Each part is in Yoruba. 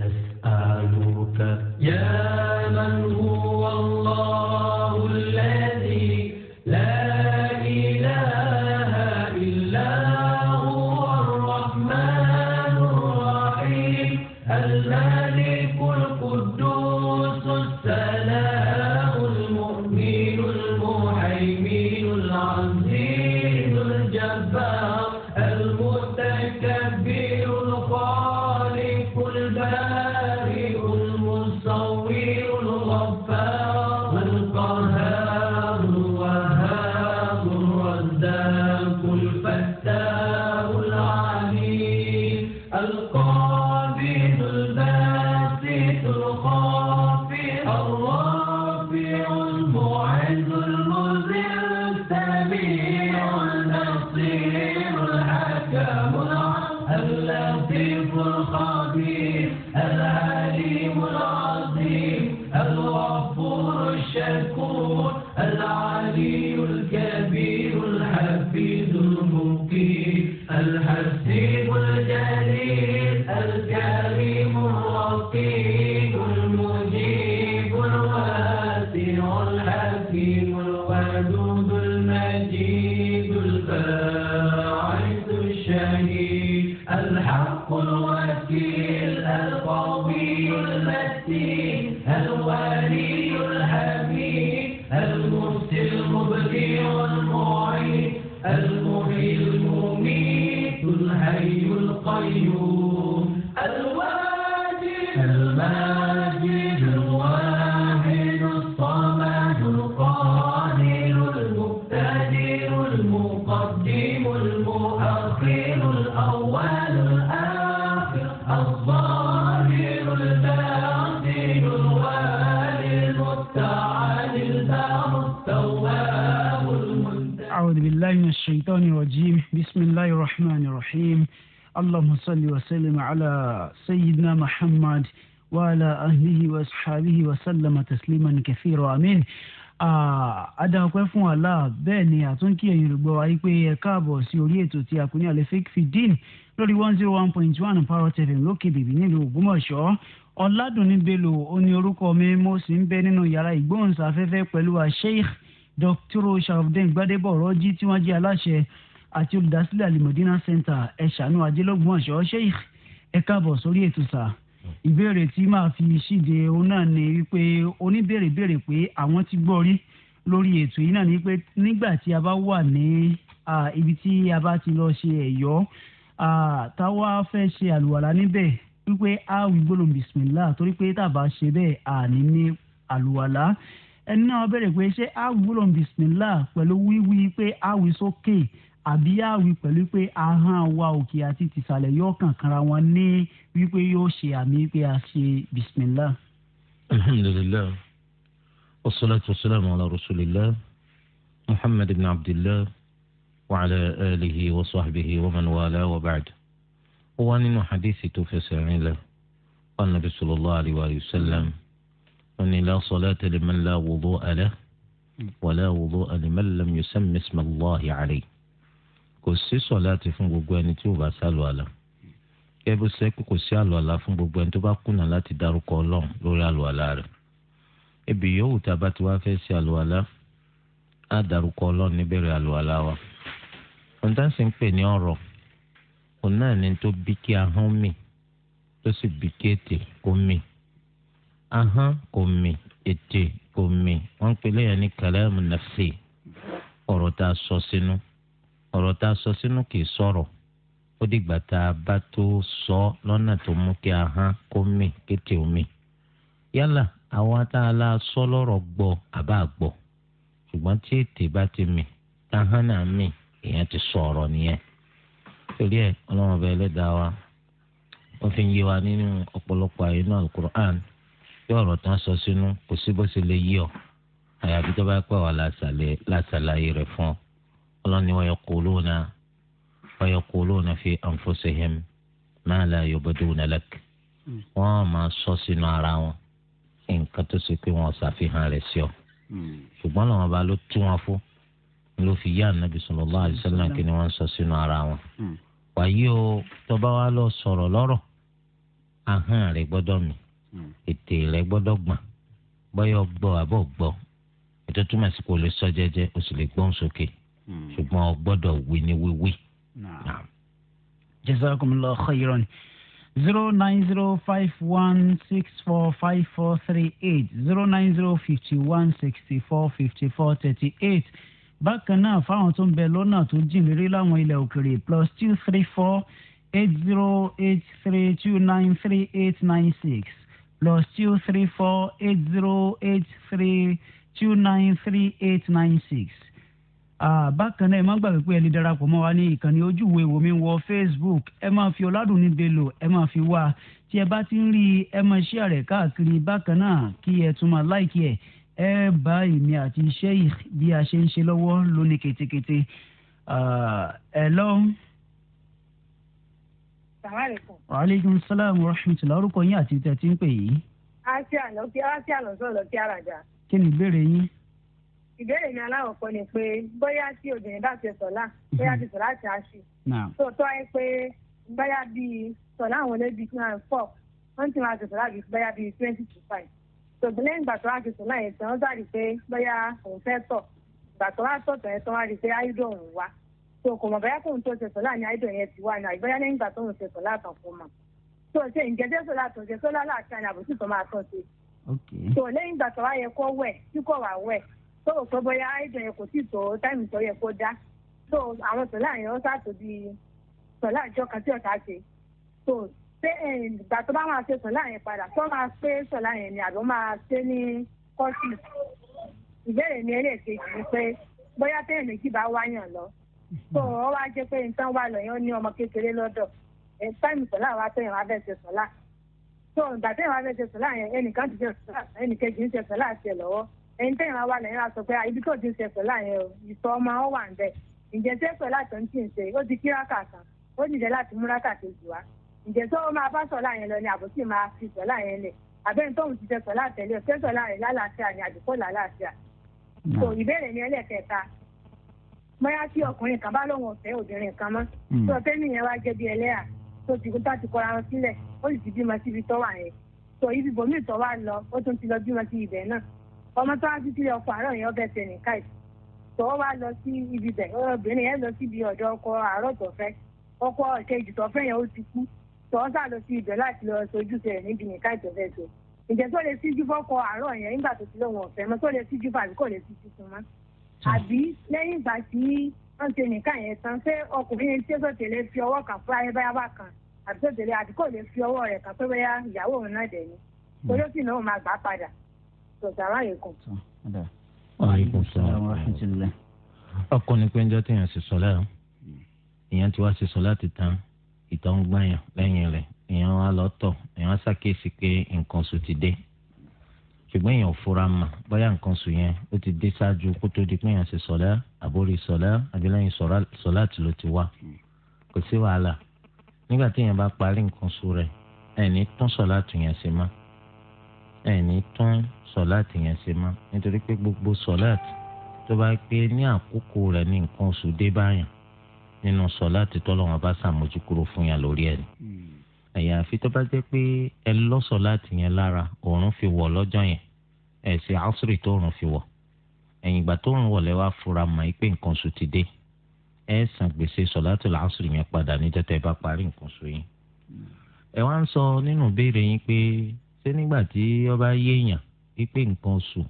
نسألك يا الشهيد الباعث الشهيد الحق وعلى أهله وأصحابه وسلم تسليما كثيرا آمين adáwọ̀pẹ́ fún Allah bẹ́ẹ̀ ni àtúnkì ẹ̀yìn olùgbọ́ wa pé ẹ káàbọ̀ sí orí ètò tí a kò ní alefik fidin lórí one zero one point one parrot fm lókè bèbí nílùú Ògbómọ̀ṣọ́ ọ̀làdùnní bello ó orúkọ mi mo sì ń bẹ nínú yàrá ìgbóhùnsáfẹ́fẹ́ pẹ̀lú wa dr sharafdin gbadebo rọ́jí tí wọ́n jẹ́ aláṣẹ àti olùdásílẹ̀ alimọ̀dínà center ẹ̀ṣánú ajẹ́lógún ìbéèrè tí màá fi ṣíde òun náà ni wípé oníbèrè béèrè pé àwọn ti gbọ́ rí lórí ètò yìí náà ni pé nígbà tí a bá wà ní ibi tí a bá ti lọ ṣe ẹ̀yọ́ táwa fẹ́ ṣe àlùwàlá níbẹ̀ wípé a wí gbólóhùn bisimilá torí pé tàbá ṣe bẹ́ẹ̀ àní ní àlùwàlá ẹni náà béèrè pé ṣé a wí gbólóhùn bisimilá pẹ̀lú wíwí pé a wí sókè. So àbí àwí pẹ̀lú pé ahọ́n wa òkè àti tìsàlẹ̀ yóò kàn kanra wọn ní wípé yóò ṣe àmì pé a ṣe bisimilá. alhamdulilayi wasalaatu wasalaamu ala rasulillah muhammad ibn abdillah wa ala alihi wa sahbihi wa man wala wa ba'd. ó nínú hadisi tó fẹsẹ̀ rìn lẹ̀ wà nàbí sallallahu alayhi wa sallam wọn ni la salata liman la wudu'a lahu wa la wudu'a liman lam yusammi isma Allahi alayhi kò sí sọ̀láàtì fún gbogbo ẹni tí ò bá sálọ àlà kẹ́bí sẹ́kù kò sí àlọ́ àlà fún gbogbo ẹni tó bá kùnà láti dárúkọ ọlọ́run lórí àlọ́ àlà rẹ̀ ibi yòówù tá a bá ti wá fẹ́ sí àlọ́ àlà á dárúkọ ọlọ́run níbẹ̀rẹ̀ àlọ́ àlà wa ohun tá à ń sìn pè ní ọ̀rọ̀ òun náà ni tó bí kí ahọ́n mì tó sì bí kí ètè kó mì ahọ́n kò mì ètè kò mì wọ́n ń pè léyìn ní kàlámù nàfsì ọ̀rọ̀ tá a sọ sínú. So ọ̀rọ̀ tá a sọ sínú kì í sọ̀rọ̀ ó dìgbà tá a bá tó sọ lọ́nà tó mú kí a hán kó mì kété omi yálà àwọn tá a la sọ lọ́rọ̀ gbọ́ àbá gbọ́ ṣùgbọ́n tí ètè bá ti mì táhán náà mì èèyàn ti sọ ọ̀rọ̀ nìyẹn torí ẹ̀ ọlọ́run ọba ẹlẹ́dàá wa ó fi ń yé wa nínú ọ̀pọ̀lọpọ̀ àyínú alukur'an tí ọ̀rọ̀ tán sọ sínú kò sí bó ṣe lè yí ọ àyàfi tó bá pẹ́ wà lásàlàyé rẹ̀ fún ọ ọlọ́ni wa yaquluna wa yaquluna fi anfusihim ma la yubduna lak wọ́n máa sọ sínú ara wọn nǹkan tó ṣe pé wọ́n ṣàfihàn rẹ̀ sí ọ. ṣùgbọ́n làwọn ọba ló tú wọn fún ló fi yá ànábì sallallahu alaihi wasallam kí ni wọ́n sọ sínú ara wọn. wàyí o tó bá wa lọ sọ̀rọ̀ lọ́rọ̀ ahọ́n rẹ̀ gbọ́dọ̀ mì ètè rẹ̀ gbọ́dọ̀ gbọ̀n bọ́yọ̀ gbọ́ àbọ̀ gbọ́ ètò túmọ̀ sí kò lè sọ jẹ́jẹ́ o sì lè gbọ́n sókè. Hmm. ṣùgbọ́n o gbọ́dọ̀ wí ní wíwí. jazakumullahu khairan zero nine zero five one six four five four three eight zero nine zero fifty one sixty four fifty four thirty eight bákan náà fáwọn tó ń bẹ lọ́nà tó jìn láwọn ilẹ̀ òkèrè plus two three four eight zero eight three two nine three eight nine six plus two three four eight zero eight three two nine three eight nine six bákan náà ẹ má gbàgbé pé ẹ lè darapọ̀ mọ́ wa ní ìkànnì ojúwe wòmí wọ facebook ẹ máa fi ọ̀làdùnní belò ẹ máa fi wá tí ẹ bá ti ń rí ẹ máa share rẹ̀ káàkiri bákan náà kí ẹ tún máa like ẹ ẹ bá èmi àti sheikh bí a ṣe ń ṣe lọ́wọ́ lónìí ketekete ẹ lọ́wọ́ waaleykum salaam wa rahmatulah orúkọ yín àti tẹ̀ tí ń pè yìí. àṣà lọ sí àṣà lọ sọ̀rọ̀ kí ara jà. kí ni ìbéèrè yín ìbéèrè mi aláwọ̀kọ́ ni pé bóyá tí obìnrin bá ṣe sọ̀lá bóyá ti sọ̀lá ti àṣì tó tọ́ ẹ pé bóyá bíi sọ̀lá àwọn olóbi tí wọ́n fọ̀ wọ́n ti máa ṣe sọ̀lá bíi bóyá bíi twenty to five tòbí lẹ́yìn ìgbà tó wá ti sọ̀lá yẹn tán ó dàbí pé bóyá òun fẹ́ tọ̀ ìgbà tó wá tọ̀tọ̀ yẹn tán wá rí i pé áìdò òun wá tó kò mọ̀ bóyá kóun tó ṣe sọ̀lá ni áìdò yẹn ti wá ni àgbẹ̀yà lẹ́yìn ìgbà tó ń ṣe sọ̀lá tán kò mọ̀ tó ṣe ìjẹ́jẹ́ sọ̀lá tó ṣe sọ́lá láàṣà ni àbòsí tó máa tọ̀ ṣe. tó lẹ́yìn ìgbà tó wá yẹ kó wẹ̀ tí kò wá wẹ̀ tó o sọ bóyá àìsàn yẹn kò tí ì tó táìmù tó yẹ kó dá tó àwọn sọlá yẹn ṣàtò bíi sọlá ìjọ kan tí ọ̀tá ṣe tó pé eh, ìgbà tó bá máa ṣe sọlá yẹn padà tó máa pé sọlá yẹn ni àbí máa ṣe ní kọ́sì ìbéèrè mi ẹlẹ́ẹ̀kejì ni pé bóyá téèyàn méjì bá wáyàn lọ tó ọ wá jẹ́ pé nǹkan wà lọ yẹn ó ní ọmọ kékeré lọ́dọ̀ ẹ̀ táìmù sọlá wa téèyàn wá bẹ̀ ṣe sọlá tó ìgbà téèyàn wá bẹ̀ ṣe sọlá yẹn ẹnìkan ti ṣe sọlá ẹnìkejì ń ṣe sọlá ẹni tẹ́ ìran wa nàìjíríà sọ pé ah, ibi tó ti ń ṣe pẹ̀lú àyẹn o ìtọ́ ọmọ ọ wà ń bẹ̀ ǹjẹ́ ṣé pẹ̀lú àtọ̀ ń tì ń ṣe ó ti kíráàkà kan ó nìjẹ́ láti mú ráàkà kejì wá ǹjẹ́ tó máa bá sọ̀ láyẹn lọ ni àbòsí máa fi sọ̀ láyẹn lẹ̀ àbẹ́ni tóun ti ṣe pẹ̀lú àtẹ̀lé ṣé sọ̀ láyẹn lálàáfíà ni àdìpọ̀ lálàáfíà. so hmm. ìbéèrè ni ẹlẹ́kẹta bóyá tí ọkùnrin kan bá lóun ọ̀fẹ́ obìnrin kan mọ́ hmm. tó ọ̀fẹ́ nìyẹn wá jẹ́ bí ẹlẹ́yà tó ti kúta ti kọra wọn sílẹ̀ ó sì ti bímọ síbi tó yẹn so ibi bòmíì tó wà lọ ó tún ti lọ bímọ sí ibẹ̀ náà ọmọ tó wá sí sílẹ̀ ọkọ àárọ̀ yẹn ọbẹ̀ tẹ̀ nìka ì tó wá lọ sí ibi bẹ̀ obìnrin yẹn lọ síbi ọ̀dọ̀ ọkọ àárọ̀ tó fẹ́ ọkọ ìkejì tó fẹ́ yẹn ó ti kú tó ń sá lọ sí ibẹ̀ láti lọ sojú tẹ̀ níbi nìka ìtọ́fẹ́ tó ǹjẹ́ tó lè síjú fọ́kọ àárọ̀ yẹn nígbà tó ti lóun ọ̀fẹ́ mọ́ tó lè síjú fàbí kò lè síjú fún mọ́ àbí lẹ́yìn ìgbà tí wọ́n ṣe nìka yẹn tán ṣé ọkùnrin yẹn ṣé tó tẹ̀lé fi ọwọ́ kà fún ayé báyá bá kan àbí tó tẹ̀lé àdìkò lè fi ọwọ́ rẹ̀ kà pé bóyá ìyàwó òun náà dẹ̀ ni hmm. torí ó sì náà máa gbà padà sọ̀tàrà yẹn kan. wàhálà sàlámù rahmatulah. ọkùnrin pé njọ́ tí yẹn ṣe sọ lára ìyẹn ti wá ṣe sọ láti tán ìtàn gbàyàn lẹ́yìn rẹ̀ ìyẹn wá lọ tọ̀ ìyẹn ṣàkíyèsí pé nǹkan oṣù ti dé ṣùgbọ́n èèyàn ò fura mà bóyá nǹkan oṣù yẹn ó ti dé ṣáájú kó tó di pé èèyàn ṣe sọ̀lá àbórí sọ̀lá àbílẹ̀yìn sọ̀lá tí ló ti wá kò sí wàhálà nígbà tí èèyàn bá parí nǹkan oṣù rẹ̀ ẹni tún sọ̀lá tù yẹn sí máa ẹni tún sọláàtì yẹn ṣe mọ́ nítorí pé gbogbo sọláàtì tó bá pé ní àkókò rẹ̀ ní nǹkan oṣù dé báyàn nínú sọláàtì tọ́lọ́wọ́n bá ṣàmójú kúrò fún yàn lórí ẹ̀ àyàfi tó bá jẹ́ pé ẹ lọ sọláàtì yẹn lára òòrùn fi wọ̀ lọ́jọ́ yẹn ẹ̀ ṣe àṣírí tó òòrùn fi wọ̀ ẹ̀yìn ìgbà tó òòrùn wọ̀ lẹ́wà fura mọ̀ pé nǹkan oṣù ti dé ẹ san gbèsè sọláàtì làásùrì yẹn padà níjọ́ bá parí nǹkan oṣù yẹn ẹ wá ń sọ nínú ìbéèrè yín pé ṣé nígbà tí ọba yéèyàn pípé nǹkan oṣù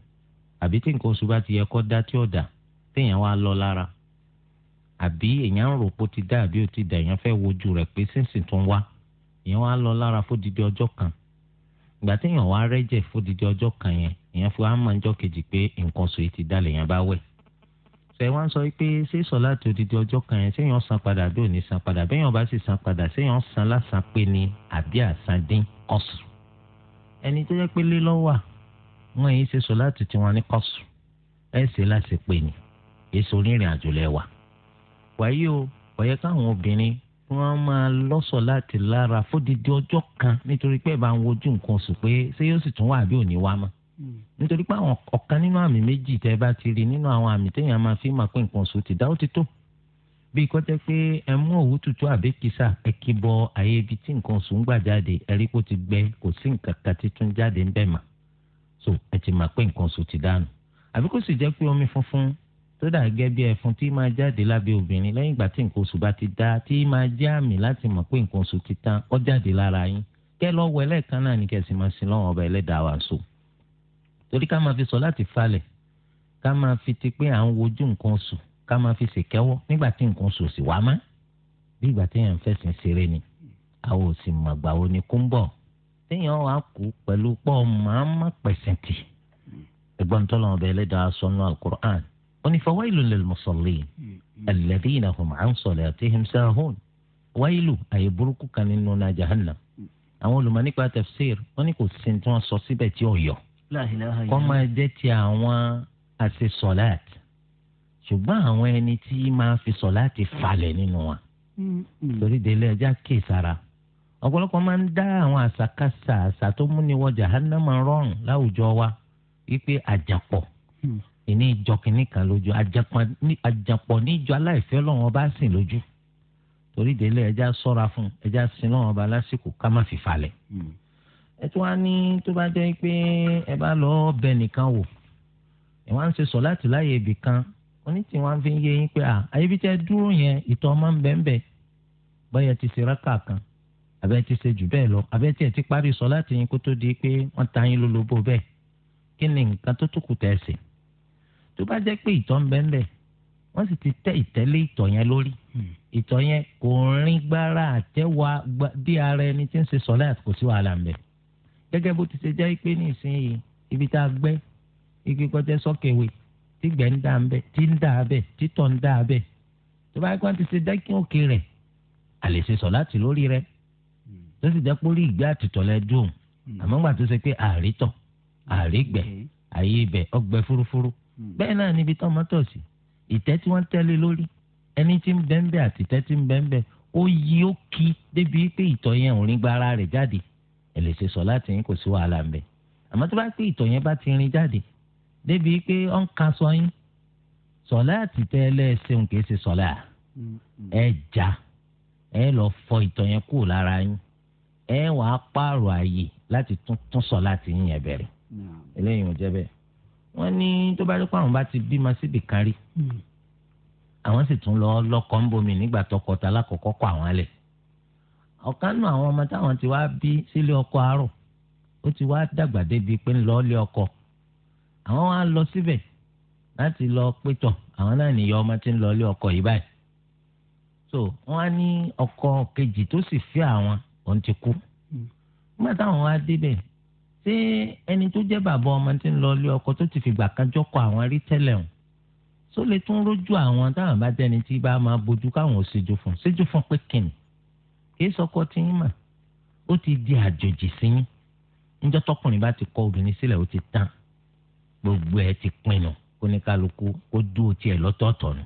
àbí tí nǹkan oṣù bá ti yẹ kọ́ dá tí ò dá téèyàn wá lọ lára àbí èèyàn ń rò pó ti dá àbí ó ti dá èèyàn fẹ́ wojú rẹ̀ pé sínsìn tó ń wá èèyàn wá lọ lára fódìdí ọjọ́ kan ìgbà téèyàn wá rẹ́jẹ̀ fódìdí ọjọ́ kan yẹn èèyàn fi wá máa ń jọ́ kejì pé nǹkan oṣù yìí ti dá lèèyàn bá wẹ̀ ṣe wá ń sọ pé ṣé sọ láti odidi ọjọ́ kan yẹn séèyàn san padà bí ò ní san padà béèyàn bá sì san padà séèyàn san lásán pé ni àbí àsán dín ọ̀sùn ẹni tó yẹ pé lé lọ́wọ́ wọn yìí ṣe sọ láti tiwọn ní kọ́sù ẹ̀ ṣe láti pè ní èso onírìn àjò lẹ́wà. wàyí o ọ̀yẹ́ káwọn obìnrin kí wọ́n máa lọ́sọ̀ láti lára fódìdí ọjọ́ kan nítorí pé ẹ̀ bá ń wojú nǹkan oṣù pé ṣé yóò sì tún wà bí ò wá mọ́ nítorí pé àwọn ọ̀kan nínú àmì méjì tẹ́ bá ti rí nínú àwọn àmì téèyàn máa fi máa pé nǹkan oṣù ti dá ó ti tó bí kọ́tẹ́ pé ẹ mú òwú tutù àbí kìsà ẹ kì bọ àyè ibi tí nǹkan sùn gbà jáde ẹ kó ti gbẹ kò sí nǹkan kan títún jáde ńbẹ̀ mà so ẹ ti mà pé nǹkan sùn ti dànù àbí kó sì jẹ́ pé omi funfun tó dà gẹ́gẹ́ bí ẹ̀fun tí máa jáde lábẹ́ obìnrin lẹ́yìn ìgbà tí nǹkan oṣù bá ti dá tí máa jẹ́ àmì láti mọ̀ pé nǹkan oṣù ti tán ó jáde lára yín kẹ́ lọ́ wọ ẹlẹ́ẹ̀kan náà ní kẹ́sì máa sin lọ́wọ́ ọba ẹlẹ́dàá wa so torí ká máa fi sọ láti falẹ̀ ká máa fi ti pé à ń wojú nǹkan oṣù ká máa fi ṣèkẹ́wọ́ nígbà tí nǹkan oṣù sì wá má bí ìgbà téèyàn fẹ̀sìn ṣeré ni àwọn ò sì mọ̀ gbà wo ni kó ń bọ̀ téèyàn wà kú pẹ̀lú pọ̀ máa má pẹ̀sìn tì ẹgbọ́n tó lọ́wọ́ bẹ́ẹ̀ lẹ́dàá sọ́nù alukur'an ó ní fawailun lil musallin alladhina hum an salatihim sahun wáìlù àyè burúkú kan nínú náà jahannam àwọn olùmọ̀ nípa tafsir wọ́n ní kò sí tí wọ́n sọ síbẹ̀ tí ò yọ kọ́ máa jẹ́ ti àwọn àti sọ̀láàt ṣùgbọ́n àwọn ẹni tí máa fi sọ láti falẹ̀ nínú wa torí délé ẹjá kè sára ọ̀pọ̀lọpọ̀ máa ń dá àwọn àṣàkáṣà àṣà tó múni wọ jahannama rọrùn láwùjọ wa wípé àjàpọ̀ hmm. ìní ìjọ kìíní kan lójú àjàpọ̀ níjọ aláìfẹ́ lọ́wọ́ bá sìn lójú torí délé ẹjá sọ́ra fún ẹjá sin lọ́wọ́ bá lásìkò ká má fi falẹ̀ hmm. ẹ tún wá ní tó bá jẹ́ pé ẹ bá lọ́ọ́ bẹ nìkan wò ẹ wá ń ṣe sọ láti láyè ibì kan wọ́n ní tiwọn fi ń yé yín pé à ayébi tẹ́ dúró yẹn ìtọ̀ ọmọ ń bẹ́ẹ̀ bẹ́ẹ̀ báyẹn ti ṣe rákà kan àbẹ́ ti ṣe jù bẹ́ẹ̀ lọ àbẹ́ tiẹ̀ ti parí sọ láti yín kó tó di pé wọ́n ta yín lólobó bẹ́ẹ̀ kí ni nǹkan tó tó kù tẹ̀ sí tó bá jẹ́ pé ìtọ̀ ń bẹ́ẹ̀ bẹ́ẹ̀ wọ́n sì ti tẹ́ ìtẹ́lé ìtọ̀ yẹn lórí hmm. ìtọ̀ yẹn kò rin gbára àtẹ́wà bí ara ẹni tí ń ṣe sọ láti kò sí wàhálà ń bẹ̀ gẹ́gẹ́ bó ti ṣe jẹ́ pé ní ìsinyìí ibi tá a gbẹ́ igi kọjá sọ́kẹ̀wé tí gbẹ̀ ń dà bẹ́ tí ń dà bẹ́ tí tọ̀ ń dà bẹ́ tó bá yẹ kó ti ṣe dẹ́kin òkè rẹ̀ àlè ṣe sọ láti lórí rẹ̀ tó sì jẹ́ pórí ìgbé àtìtọ̀ lẹ dùn àmọ́ gbà tó ṣe pé àrítọ̀ àrígbẹ̀ àyè ibẹ̀ ọgbẹ fúrufúru hmm. bẹ́ẹ̀ náà níbi tó ọmọ sí ìtẹ́ tí wọ́n tẹ́lẹ̀ lórí ẹni tí ń bẹ́ńbẹ́ àti ìtẹ́ tí ń bẹ́ńbẹ́ ó yí ó kí débi pé ìtọ̀ yẹn ò ní gba ara rẹ̀ jáde ẹ̀ lè ṣe sọ láti yín kò sí wàhálà ń bẹ àmọ́ tó bá pé ìtọ̀ yẹn bá ti rin jáde débi pé ọ̀n kan sọ yín sọ̀lá àti tẹ́lẹ̀ ṣeun kìí ṣe sọ̀lá mm, mm. ẹ já ẹ lọ fọ ìtọ̀ yẹn kúrò lára yín ẹ wàá pààrọ̀ àyè láti tún sọ̀lá àti yín yẹn bẹ̀rẹ̀ eléyìí ò jẹ́ bẹ́ẹ̀ wọ́n ní tó bá rí pé àwọn bá ti bímọ síbi kárí mm. àwọn sì tún lọ lọ́kọ ń bomi nígbà tọkọta lákòókò kọ àwọn alẹ̀ ọ̀kan nù àwọn ọmọ táwọn ti wá bí sílé ọkọ àárọ̀ ó ti wá dàgbà débi pé ń lọ ilé ọkọ àwọn á lọ síbẹ̀ láti lọ pétọ̀ àwọn náà nìyọ ọmọ tí ń lọ ilé ọkọ yìí báyìí so wọn á ní ọkọ kejì tó sì fẹ́ àwọn òun ti kú hmm. nígbà táwọn á débẹ̀ ṣé ẹni tó jẹ́ bàbá ọmọ tí ń lọ ilé ọkọ tó ti fìgbà kan jọ́kọ àwọn rí tẹ́lẹ̀ hàn só lè tún rójú àwọn táwọn bá jẹ́ni tí bá máa bójú káwọn ò ṣèjú fún ṣèjú fún pé kìnnì kì sọkọ tí yín mà ó ti di àjòjì sí yín níjọ́ tọkùnrin bá ti kọ obìnrin sílẹ̀ ó ti tán gbogbo ẹ ti pinnu kó ní kálukú kó dúró tiẹ̀ lọ́tọ̀ọ̀tọ̀ nù.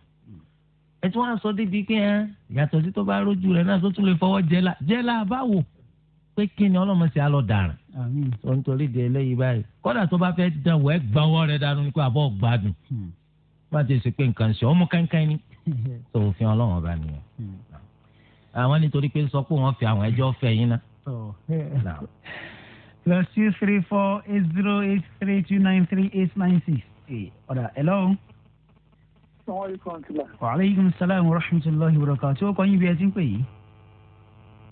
ẹ tún wá sọ dídí kí ẹ yàtọ̀ sí tó bá rójú rẹ náà tó tún lè fọwọ́ jẹ́lá jẹ́lá báwo pé kí ni ọlọ́mọ sí alọ́ dàrán. sọ nítorí di eléyìí báyìí kódà tó bá fẹ́ dán wọ́ ẹ gbà ọwọ́ rẹ dànù ní pé àbọ̀ gbádùn má hmm. ti sè pé nǹkan ṣe ọmọ kankan ni tó òfin ọlọ́wọ́n bá nìyẹn. Hmm. àwọn nítorí pé sọ pé wọ́n fi àwọn ẹjọ́ fẹ́ yín ná. Oh. plus two three four eight zero eight three two nine three eight nine six eight ọ̀dà hello. wa aleykum salaam wa rahmatulahi wa barakatuh tí ó kọ́ yín bí ẹ ti ń pè yìí.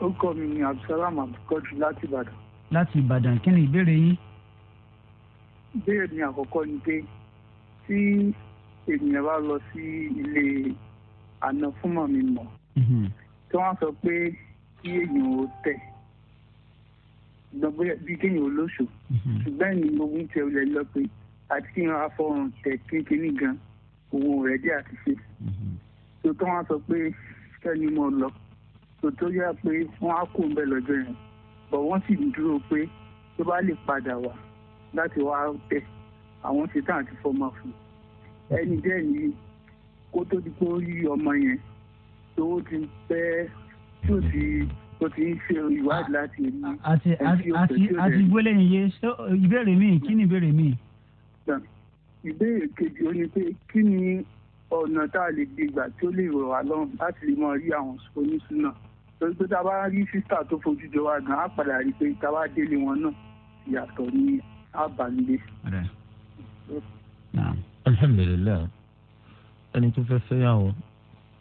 ó kọ́ mi ní abdulsalam abdulkadir láti ìbàdàn. láti ìbàdàn kí ni ìbéèrè yín. ìbéèrè mi àkọ́kọ́ ni pé tí ènìyàn bá lọ sí ilé àná fún mọ̀mí mọ̀ mm-hmm. tí wọ́n sọ pé kí èèyàn ó tẹ̀ gbọ́gbẹ́ bíi kéèyàn olóṣù mhm. ṣùgbọ́n ẹni gbogbo ń tẹ olè lọ pé àti kéèyàn afọrùn tẹ kékeré gan owó rẹ̀ dé àti ṣe mhm. tòótọ́ wọn sọ pé kẹ́ni mo lọ tòótọ́ yá pé wọ́n á kó ń bẹ̀ lọ́jọ́ yẹn bọ̀ wọ́n sì dúró pé tó bá lè padà wá láti wá tẹ àwọn ṣetán àti fọmọ fún ẹni dẹ́ ni kó tó di kó rí ọmọ yẹn tó ti pẹ́ tó ti ó ti ń ṣe ìwádìí láti rí àti àti àti gbélé yìí ìbéèrè mi kí ni ìbéèrè mi. ìbéèrè kejì ó ní pé kí ni ọ̀nà tá a lè gbé gbà tí ó lè rọ̀ wá lọ́rùn láti lè máa rí àwọn oníṣúná torí pé tá a bá rí sísà tó fojú jọ wá gan á padà rí i pé tá a bá délé wọn náà ìyàtọ̀ ní àbálẹ̀. alhamdulilayi ẹni tó fẹ́ fẹ́ yàwó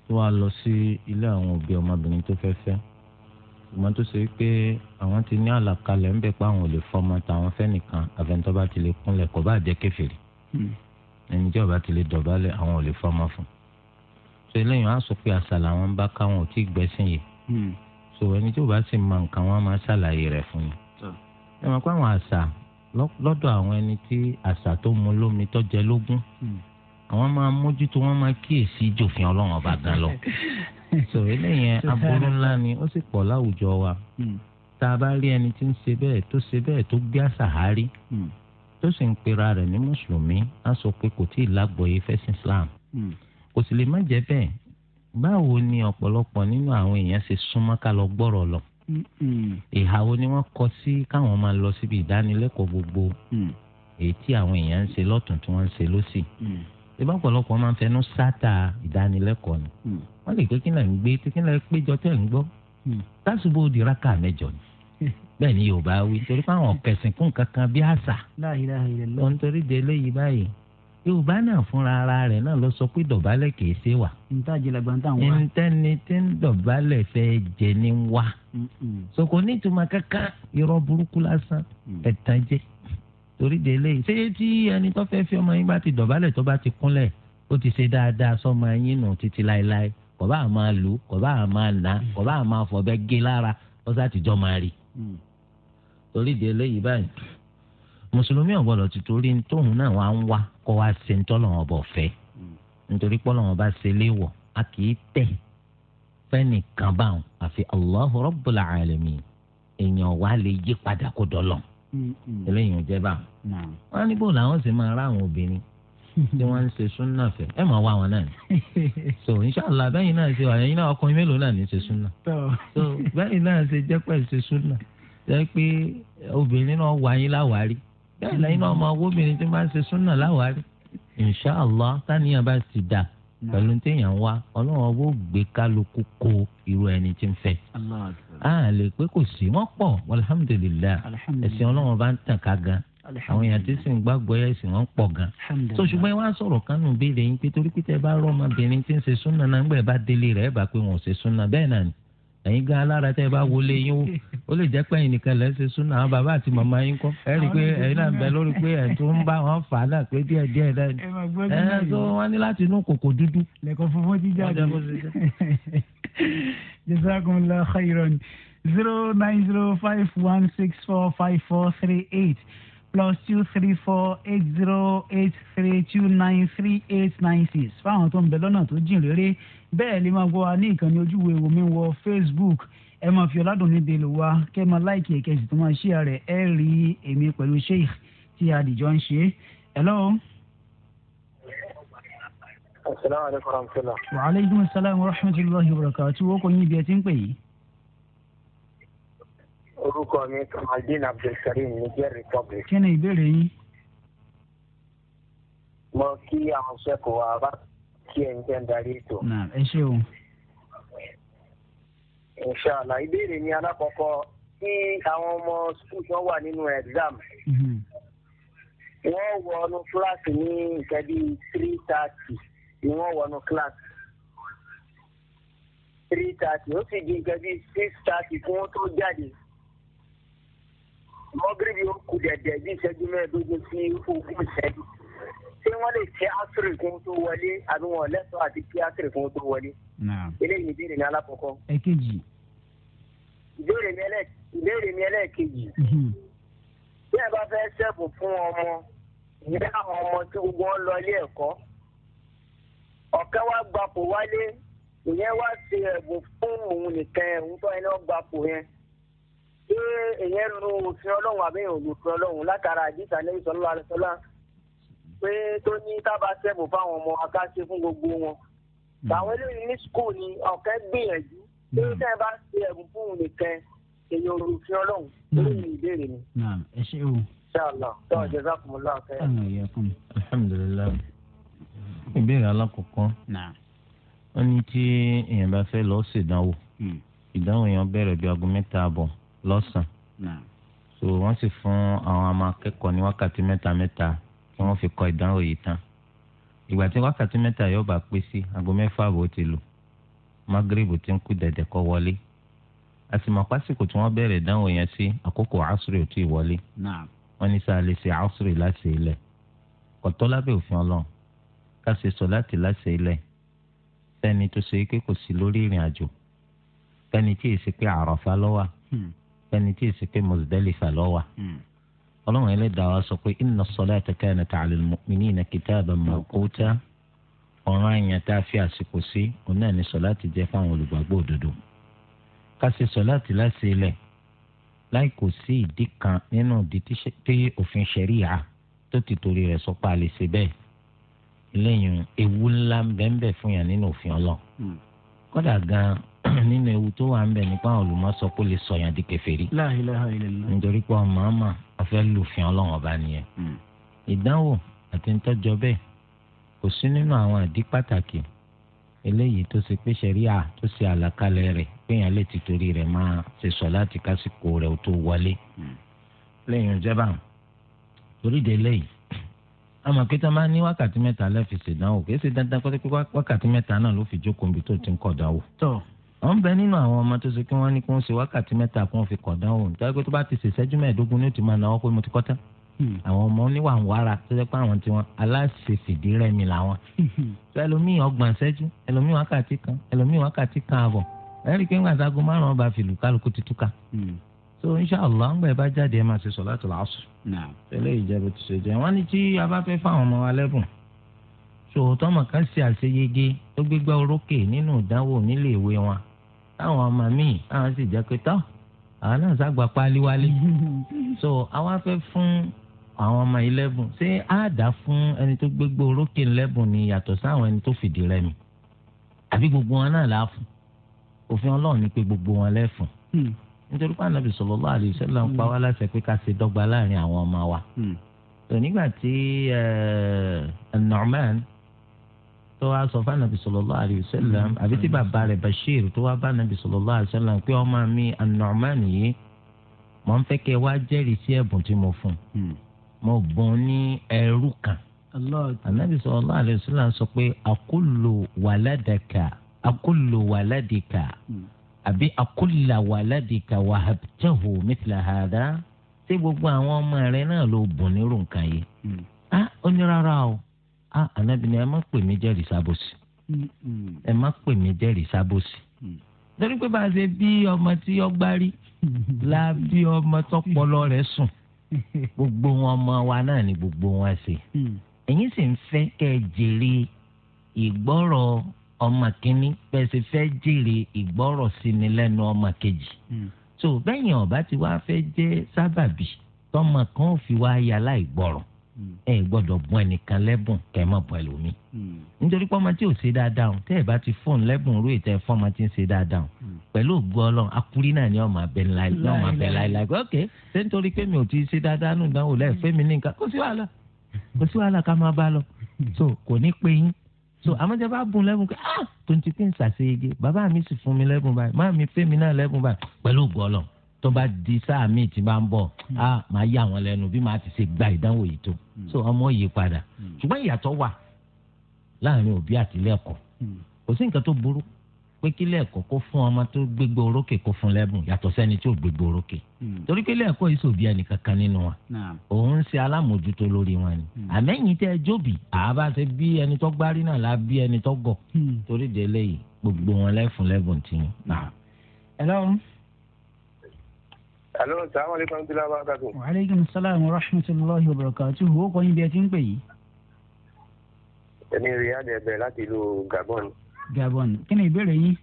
tó wá lọ sí ilé àwọn òbí ọmọbìnrin tó fẹ́ fẹ́ ṣùgbọ́n tó ṣe pé àwọn ti ní àlàkalẹ̀ ń bẹ̀ pé àwọn ò lè fọmọ táwọn fẹ́ nìkan àfẹnitọ́ bá ti lè kúnlẹ̀ kó bá jẹ́ kèfèrí hmm. ẹni tí ọba ti lè dọ̀bálẹ̀ àwọn ò lè fọmọ fún so eléyìí wọn á sọ pé àṣà làwọn ń bá káwọn ò tí ì gbẹ́sìn yìí hmm. so ẹni tí ọba sì mọ nǹkan wọn máa ṣàlàyé rẹ̀ fún yìí ẹ pé àwọn àṣà lọ́dọ̀ àwọn ẹni tí àṣà tó mú lómi tó lógún hmm àwọn máa mójútó wọn máa kíyèsí ìjòfin ọlọ́run ọba gan lọ so eléyẹn aburú ńlá ni ó sì pọ̀ láwùjọ wa hmm. tá a bá rí ẹni tí ń ṣe bẹ́ẹ̀ tó ṣe bẹ́ẹ̀ tó gbé àṣàhárí hmm. tó sì ń pera rẹ̀ ní mùsùlùmí á sọ pé kò tí ì lágbọ̀ọ́yé Islam hmm. kò sì lè má jẹ́ bẹ́ẹ̀ báwo ni ọ̀pọ̀lọpọ̀ nínú àwọn èèyàn ṣe súnmọ́ ká lọ gbọ́rọ̀ lọ ìhà wo ni wọ́n kọ sí káwọn máa lọ síbi ìdánilẹ́kọ̀ọ́ gbogbo èyí tí àwọn èèyàn ń ṣe lọ́tún tí wọ́n ń ṣe lọ́sì ìbá ọ̀pọ̀lọpọ̀ máa ń fẹnu sáta ìdánilẹ́kọ̀ọ́ ni hmm. wọ́n lè pé kí náà ń gbé kí náà péjọ tẹ̀ ń gbọ́ tásùbò hmm. di rákà mẹ́jọ ni bẹ́ẹ̀ ni yorùbá wí torí pé àwọn kẹsìn kún kankan bí àṣà lọ nítorí de eléyìí báyìí yorùbá náà fúnra ara rẹ̀ náà lọ sọ pé dọ̀bálẹ̀ kìí ṣe wà. ntẹ́ni tí ń dọ̀bálẹ̀ fẹ́ jẹ ní wa. sọkò nítumọ̀ kankan irọ́ burúkú lásán mm. ẹ̀tàn jẹ́ torí de eléyìí ṣé tí ẹni tó fẹ́ fi ọmọ yín bá ti dọ̀bálẹ̀ tó bá ti kúnlẹ̀ ó ti ṣe dáadáa sọmọ yín nù títí láéláé kò bá máa lù kò bá máa nà kò bá máa fọ̀bẹ gé lára ó sá ti jọ máa rí. Hmm. torí de eléyìí báyìí mùsùlùmí ọ̀gbọ́dọ̀ ti torí tóun náà wá ń wá kó wá ṣe ń tọ́lọ̀ ọ̀bọ̀ fẹ́ hmm. nítorí pọ́lọ̀ wọn bá ṣe léwọ̀ a kì í tẹ̀ fẹ́nìkan báwọn àfi Allahu Rabbul eléyìí ò jẹ́ bá wọn níbo làwọn sì máa rá àwọn obìnrin tí wọ́n ń ṣe súnà fẹ́ ẹ máa wá wọn náà ni so inshàlá bẹ́yìn náà ṣe ọ̀yẹ́yìn náà ọkùnrin mélòó náà ní ṣe súnà so bẹ́yìn náà ṣe jẹ́ pẹ̀lú ṣe súnà jẹ́ pé obìnrin náà wà yín láwárí bẹ́ẹ̀ lẹ́yìn náà ọmọ owó obìnrin tí wọ́n máa ń ṣe súnà láwárí inshàlá táníyàn bá ti dáa pẹ̀lú téèyàn wá ọlọ́run ọbọ̀ gbé kálukú ko irú ẹni tí ń fẹ́. a lè pé kò sí wọ́n pọ̀ alhamdulilayi ẹ̀sìn ọlọ́run bá ń tàn ká gan àwọn èèyàn tí sì ń gbàgbọ́ ẹ̀sìn wọn pọ̀ gan. tó ṣùgbọ́n ẹ wá sọ̀rọ̀ kánú béèrè yín pé torí pé bá rọ ọmọbìnrin tí ń ṣe súnà náà ńgbà ẹ bá délé rẹ̀ ẹ bá pé wọn ṣe súnà bẹ́ẹ̀ náà ni ẹ̀yin gan alára tẹ́ ẹ bá wọlé yín wò ó lè jẹ́ pé ẹ̀yin nìkan lẹ́ ṣe súnà àwọn bàbá àti màmá yín kọ́ ẹ rí i pé ẹ̀yin náà ń bẹ lórí pé ẹ̀ tó ń bá wọn fà á náà pé díẹ̀ díẹ̀ dání ẹ̀ tó wọ́n ní láti inú kòkò dúdú. lẹ́kọ̀ọ́ fúnfún jíjà jẹ́ jazakumullahu khairan zero nine zero five one six four five four three eight plus two three four eight zero eight three two nine three eight nine six fáwọn tó ń bẹ lọ́nà tó jìn réré bẹ́ẹ̀ lè máa gbọ́ wa ní ìkànnì ojúwe wo mi wọ Facebook ẹ máa fi ọ̀làdùn níbi èlò wa kẹ́ ẹ máa láìkì ẹ̀kẹ́ tó máa ṣí ààrẹ ẹ rí èmi pẹ̀lú sheikh tí adìjọ ń ṣe. hello. asalaamualeykum wa wa aleykum wa rahmatulahi wa barakatuh wo kò ní ibi ẹ ti ń pè yìí orúkọ mi kamaldeen abdulkareem niger republic. kí ni ìbéèrè yín. mo kí àwọn sẹ́kọ̀ọ́ wa bá kí ẹ̀ ń tẹ́ ń darí ètò. náà ẹ ṣé o. inshallah ìbéèrè mi alákọ̀ọ́kọ́ tí àwọn ọmọ sukùl tó wà nínú exam. Mhm. wọ́n wọnú kíláàsì ní nǹkan bíi three thirty ni wọ́n wọnú kíláàsì three thirty ó sì di nǹkan bíi six thirty kí wọ́n tó jáde mọ́gírìbì kù dẹ̀dẹ̀ bí ìṣẹ́jú mẹ́ẹ̀ẹ́dógún sí ogún ìṣẹ́jú ṣé wọ́n lè ṣe àṣírí kún tó wọlé àbí wọn lẹ́tọ̀ọ́ àti kí àṣírí kún tó wọlé. eléyìí ni ìbéèrè mi alákọ̀ọ́kọ́. ẹ̀kejì. ìbéèrè mi ẹlẹ́ẹ̀kejì. Mhm. bí ẹ bá fẹ́ ṣẹ́bù fún ọmọ ìyá àwọn ọmọ tí gbogbo wọn lọ ilé ẹ̀kọ́ ọ̀kẹ́ wa gbapò wálé ìyẹn wá ṣe ẹ̀bùn fún òun nìkan ẹ̀ ń tọ́ ẹni ọgbapò yẹn ṣé èèyàn lu òfin ọlọ́run àbí èèyàn òfin ọlọ́run látara àdìsá lẹ́yìn sọ́lá alẹ́sọ́lá pé tó ní tábà sẹ́bù fáwọn ọmọ akáṣe fún gbogbo wọn. Hmm. àwọn eléyìí ní skul ni ọ̀kẹ́ gbìyànjú pé hmm. tẹ́ ẹ bá ṣe ẹ̀bùn fún un nìkan èèyàn òfin ọlọ́run lórí hmm. ìbéèrè mi. ẹ ṣé o. ṣáàlà tó ọjọ́ sákùnmọ́lá ọ̀kẹ́. alhamdulilayi ìbéèrè alákọ̀ọ́kọ́ wọ́n ní tí èèyàn bá fẹ́ lọ́ọ́ ṣèdánwò ìdánwò yẹn bẹ̀rẹ̀ bí aago mẹ́ta àbọ̀ lọ́sàn-án so wọ́n sì fún àwọn ọmọ akẹ́kọ̀ọ́ ní wákàtí mẹ́ta mẹ́ta tí wọ́n fi kọ ìdánwò yìí tán ìgbà tí wákàtí mẹ́ta yóò bá pé sí aago mẹ́fà àbò ti lù magrib ti ń kú dẹ̀dẹ̀ kọ́ wọlé àtìmọ̀ pásìkò tí wọ́n bẹ̀rẹ̀ ìdánwò yẹn sí àkókò asiri ò tí ì wọlé wọ́n ní sáà lè ṣe asiri láti ilẹ̀ kọ̀tọ́ lábẹ́ òfin ọlọ́run ká ṣe sọ láti láti ilẹ̀ fẹ́ni tó ṣe é pé kò sí lórí ìrìn àjò fẹ́ni tí èsì pé àràfà lọ́wà ẹni tí èsì pé Muzdalifa ló wà hmm. ọlọ́run ẹlẹ́dàá wa sọ pé inna as-salata kanat 'ala al-mu'minina kitaban mawquta ọ̀ràn àyàn tá a fi àsìkò sí òun náà ni sọ̀láàtì jẹ́ fáwọn olùgbàgbọ́ òdodo ká ṣe sọ̀láàtì láti ilẹ̀ láì kò sí ìdí kan nínú ìdí tí òfin ṣẹ̀ríà tó ti torí rẹ̀ sọ pé a lè ṣe bẹ́ẹ̀ lẹ́yìn ewu ńlá bẹ́ẹ̀ fún yàn nínú òfin ọlọ́ hmm. nínú ewu tó wà ń bẹ nípa olùmọ̀ sọ pé lè sọyàn di kèfèrí. La ilaha illallah. nítorí pé ọmọ àmà afẹ́ lùfín ọlọ́run ọba nìyẹn. Hmm. ìdánwò àti ntọ́jọ bẹ́ẹ̀ kò sí nínú àwọn àdí pàtàkì eléyìí tó ṣe pé ṣẹ̀ríà tó ṣe àlàkalẹ̀ rẹ̀ péyàn lè ti torí rẹ̀ máa ṣe sọ láti kásìkò rẹ̀ ó tó wọlé. Hmm. lẹ́yìn ìjọba torí de lẹ́yìn àmọ́ pé tá a ní wákàtí mẹ́ta lẹ́fìsì dánwò kì í ṣe dandan kọ́tẹ́pẹ́ wákàtí mẹ́ta náà ló fi jókòó níbi tó ti ń kọ̀ dánwò wọ́n bẹ nínú àwọn ọmọ tó ṣe kí wọ́n ní kí wọ́n ṣe wákàtí mẹ́ta kí wọ́n fi kọ̀ dánwò nítorí pé tó bá ti ṣe ìṣẹ́jú mẹ́ẹ̀ẹ́dógún ní òtún máa náwó pé mo ti kọ́ tán hmm. àwọn ọmọ oníwà ń wára tó jẹ́ pé àwọn tí wọ́n aláṣẹṣèdí rẹ̀ mi làwọn. tó hmm. ẹlòmíì ọgbọ̀n ṣẹ́jú ẹlòmíì wákàtí kan ẹlòmíì wákàtí kan àbọ̀ ẹ̀rí pé ńgbà sago márùn-ún ọba fìlú kálukú ti túká. Hmm. so inṣàlá ńgbà ẹ bá jáde ẹ máa ṣe sọ táwọn ọmọ míì àwọn sì jẹ́ pé tọ́ àwọn náà ságbà páliwálé so àwọn afẹ́ fún àwọn ọmọ ilẹ́bùn ṣé á dá fún ẹni tó gbégbó orókè ńlẹ́bùn ni yàtọ̀ sáwọn ẹni tó fìdí rẹmi àbí gbogbo wọn náà láà fún òfin ọlọ́run ni pé gbogbo wọn lẹ́fún nítorí pé ànábì sallallahu alaihi wasallam ń pa wá láṣẹ pé ká ṣe dọ́gba láàrin àwọn ọmọ wa. Hmm. nígbà tí eh, Nu'man tó wá sọ fún anabi sallallahu alayhi wa hmm. bàbá bashir tó wá bá anabi sallallahu alayhi ọmọ mi an yìí mọ̀ wá sí mo fún hmm. mo ní ẹrú kan anabi sọ pé hmm. àbí gbogbo àwọn ọmọ náà ló bùn nírú nǹkan yìí ah ó ní o. Ah, ànábì ni ẹ má pè mí jẹ́rìí sábòsì mm-hmm. ẹ má pè mí jẹ́rìí sábòsì mm-hmm. torí pé bá a ṣe bí ọmọ tí ọgbà rí mm-hmm. la bí ọmọ tọpọlọ rẹ̀ sùn gbogbo wọn ọmọ wa náà ni gbogbo wọn ṣe mm. ẹ̀yin sì ń fẹ́ kẹ́ ẹ jèrè ìgbọ́rọ̀ ọmọ kínní bẹ́ẹ̀ sì fẹ́ jèrè ìgbọ́rọ̀ síni lẹ́nu ọmọ kejì mm. so bẹ́yìn ọ̀bá ti wá fẹ́ jẹ́ sábàbí tọmọ kan ò fi wá yà láì gbọ́rọ̀ ẹ gbọ́dọ̀ bùn ẹnìkan lẹ́bùn kẹ́ má bùn ẹlòmíì nítorí pé ọmọ tí ò ṣe dáadáa tẹ́ ẹ bá ti fóònù lẹ́bùn rú ètò ẹ̀fọ́ ọmọ tí ń ṣe dáadáa pẹ̀lú ògbó ọlọ́run akúrí náà ni ọmọ abẹ láìláì ok ṣé nítorí pé mi ò ti ṣe dáadáa nù ìdánwò lẹ́ẹ̀fẹ́ mi ní nǹkan kò sí wàhálà kò sí wàhálà ká máa bá lọ so kò ní pé yín so àmọ́jẹ́ bá bùn lẹ́bùn pé ah tó ń ti pín ṣàṣeyege bàbá mi sì fún mi lẹ́bùn báyìí má mi fẹ́ mi náà lẹ́bùn báyìí pẹ̀lú ògbó ọlọ́run tó bá di sáà míì tí bá ń bọ̀ hmm. á máa yà wọ́n lẹ́nu bí màá ti ṣe gba ìdánwò yìí tó hmm. so ọmọ yìí padà hmm. ṣùgbọ́n ìyàtọ̀ wà láàrin òbí àti lẹ́ẹ̀kọ́ kò sí nǹkan tó burú pé kí lẹ́ẹ̀kọ́ kó fún ọmọ tó gbégbó orókè kó fún lẹ́bùn yàtọ̀ sẹ́ni tí ò gbégbó orókè torí pé lẹ́ẹ̀kọ́ yìí sòbí ẹnìkan kan nínú wa òun ń ṣe alámòjútó lórí wọn ni àmẹ́yìn tẹ́ ẹ jóbi àbá ṣe bí ẹni tó gbárí náà la bí ẹni tó gọ̀ torí délé yìí gbogbo wọn lẹ́fun lẹ́bùn tiyín. ẹ lọ́run alo salamu aleykum abdulayi abakatu. wa aleykum salaam wa rahmatulahi wa barakatu wo kọ́ yín bí ẹ ti ń pè yìí. èmi riyad ẹbẹ láti ìlú gabon. gabon kí ni ìbéèrè yín.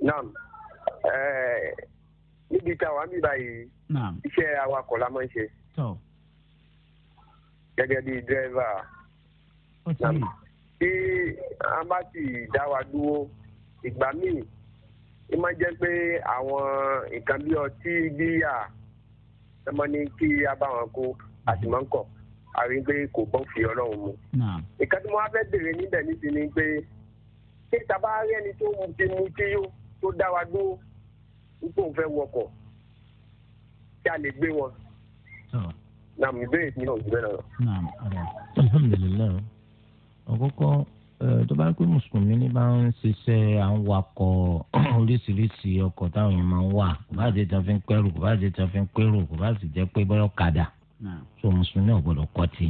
naam níbi tí àwọn àmì báyìí iṣẹ́ awakọ̀ la máa ń ṣe. gẹ́gẹ́ bí dírẹ́fà. tí a bá sì dá wa dúró ìgbà míì ẹ máa jẹ́ pé àwọn nǹkan bí ọtí bíyà ẹ ní kí a bá wọn kó àti máa ń kọ̀ àrí pé kò bọ́ fi ọlọ́run mu. nǹkan tí mo wá fẹ́ bèrè níbẹ̀ níbi ni pé ṣé tàbá rí ẹni tó mu ti mu tí yó tó dá wa dúró nípò ń fẹ́ wọkọ̀ kí a lè gbé wọn. nàm ìbéèrè mi náà ò jù bẹ́ẹ̀ lọ. alhamdulilayi ọkọkọ Eh, tó bá pé mùsùlùmí ní bá ń ṣiṣẹ́ à ń wakọ̀ oríṣiríṣi ọkọ̀ táwọn yẹn máa ń wà kò bá jẹ́ tán fi ń pẹ́rù kò bá jẹ́ tán fi ń pẹ́rù kò bá sì jẹ́ pé bọ́yọ̀ kadà tó mùsùlùmí ò gbọ́dọ̀ kọtì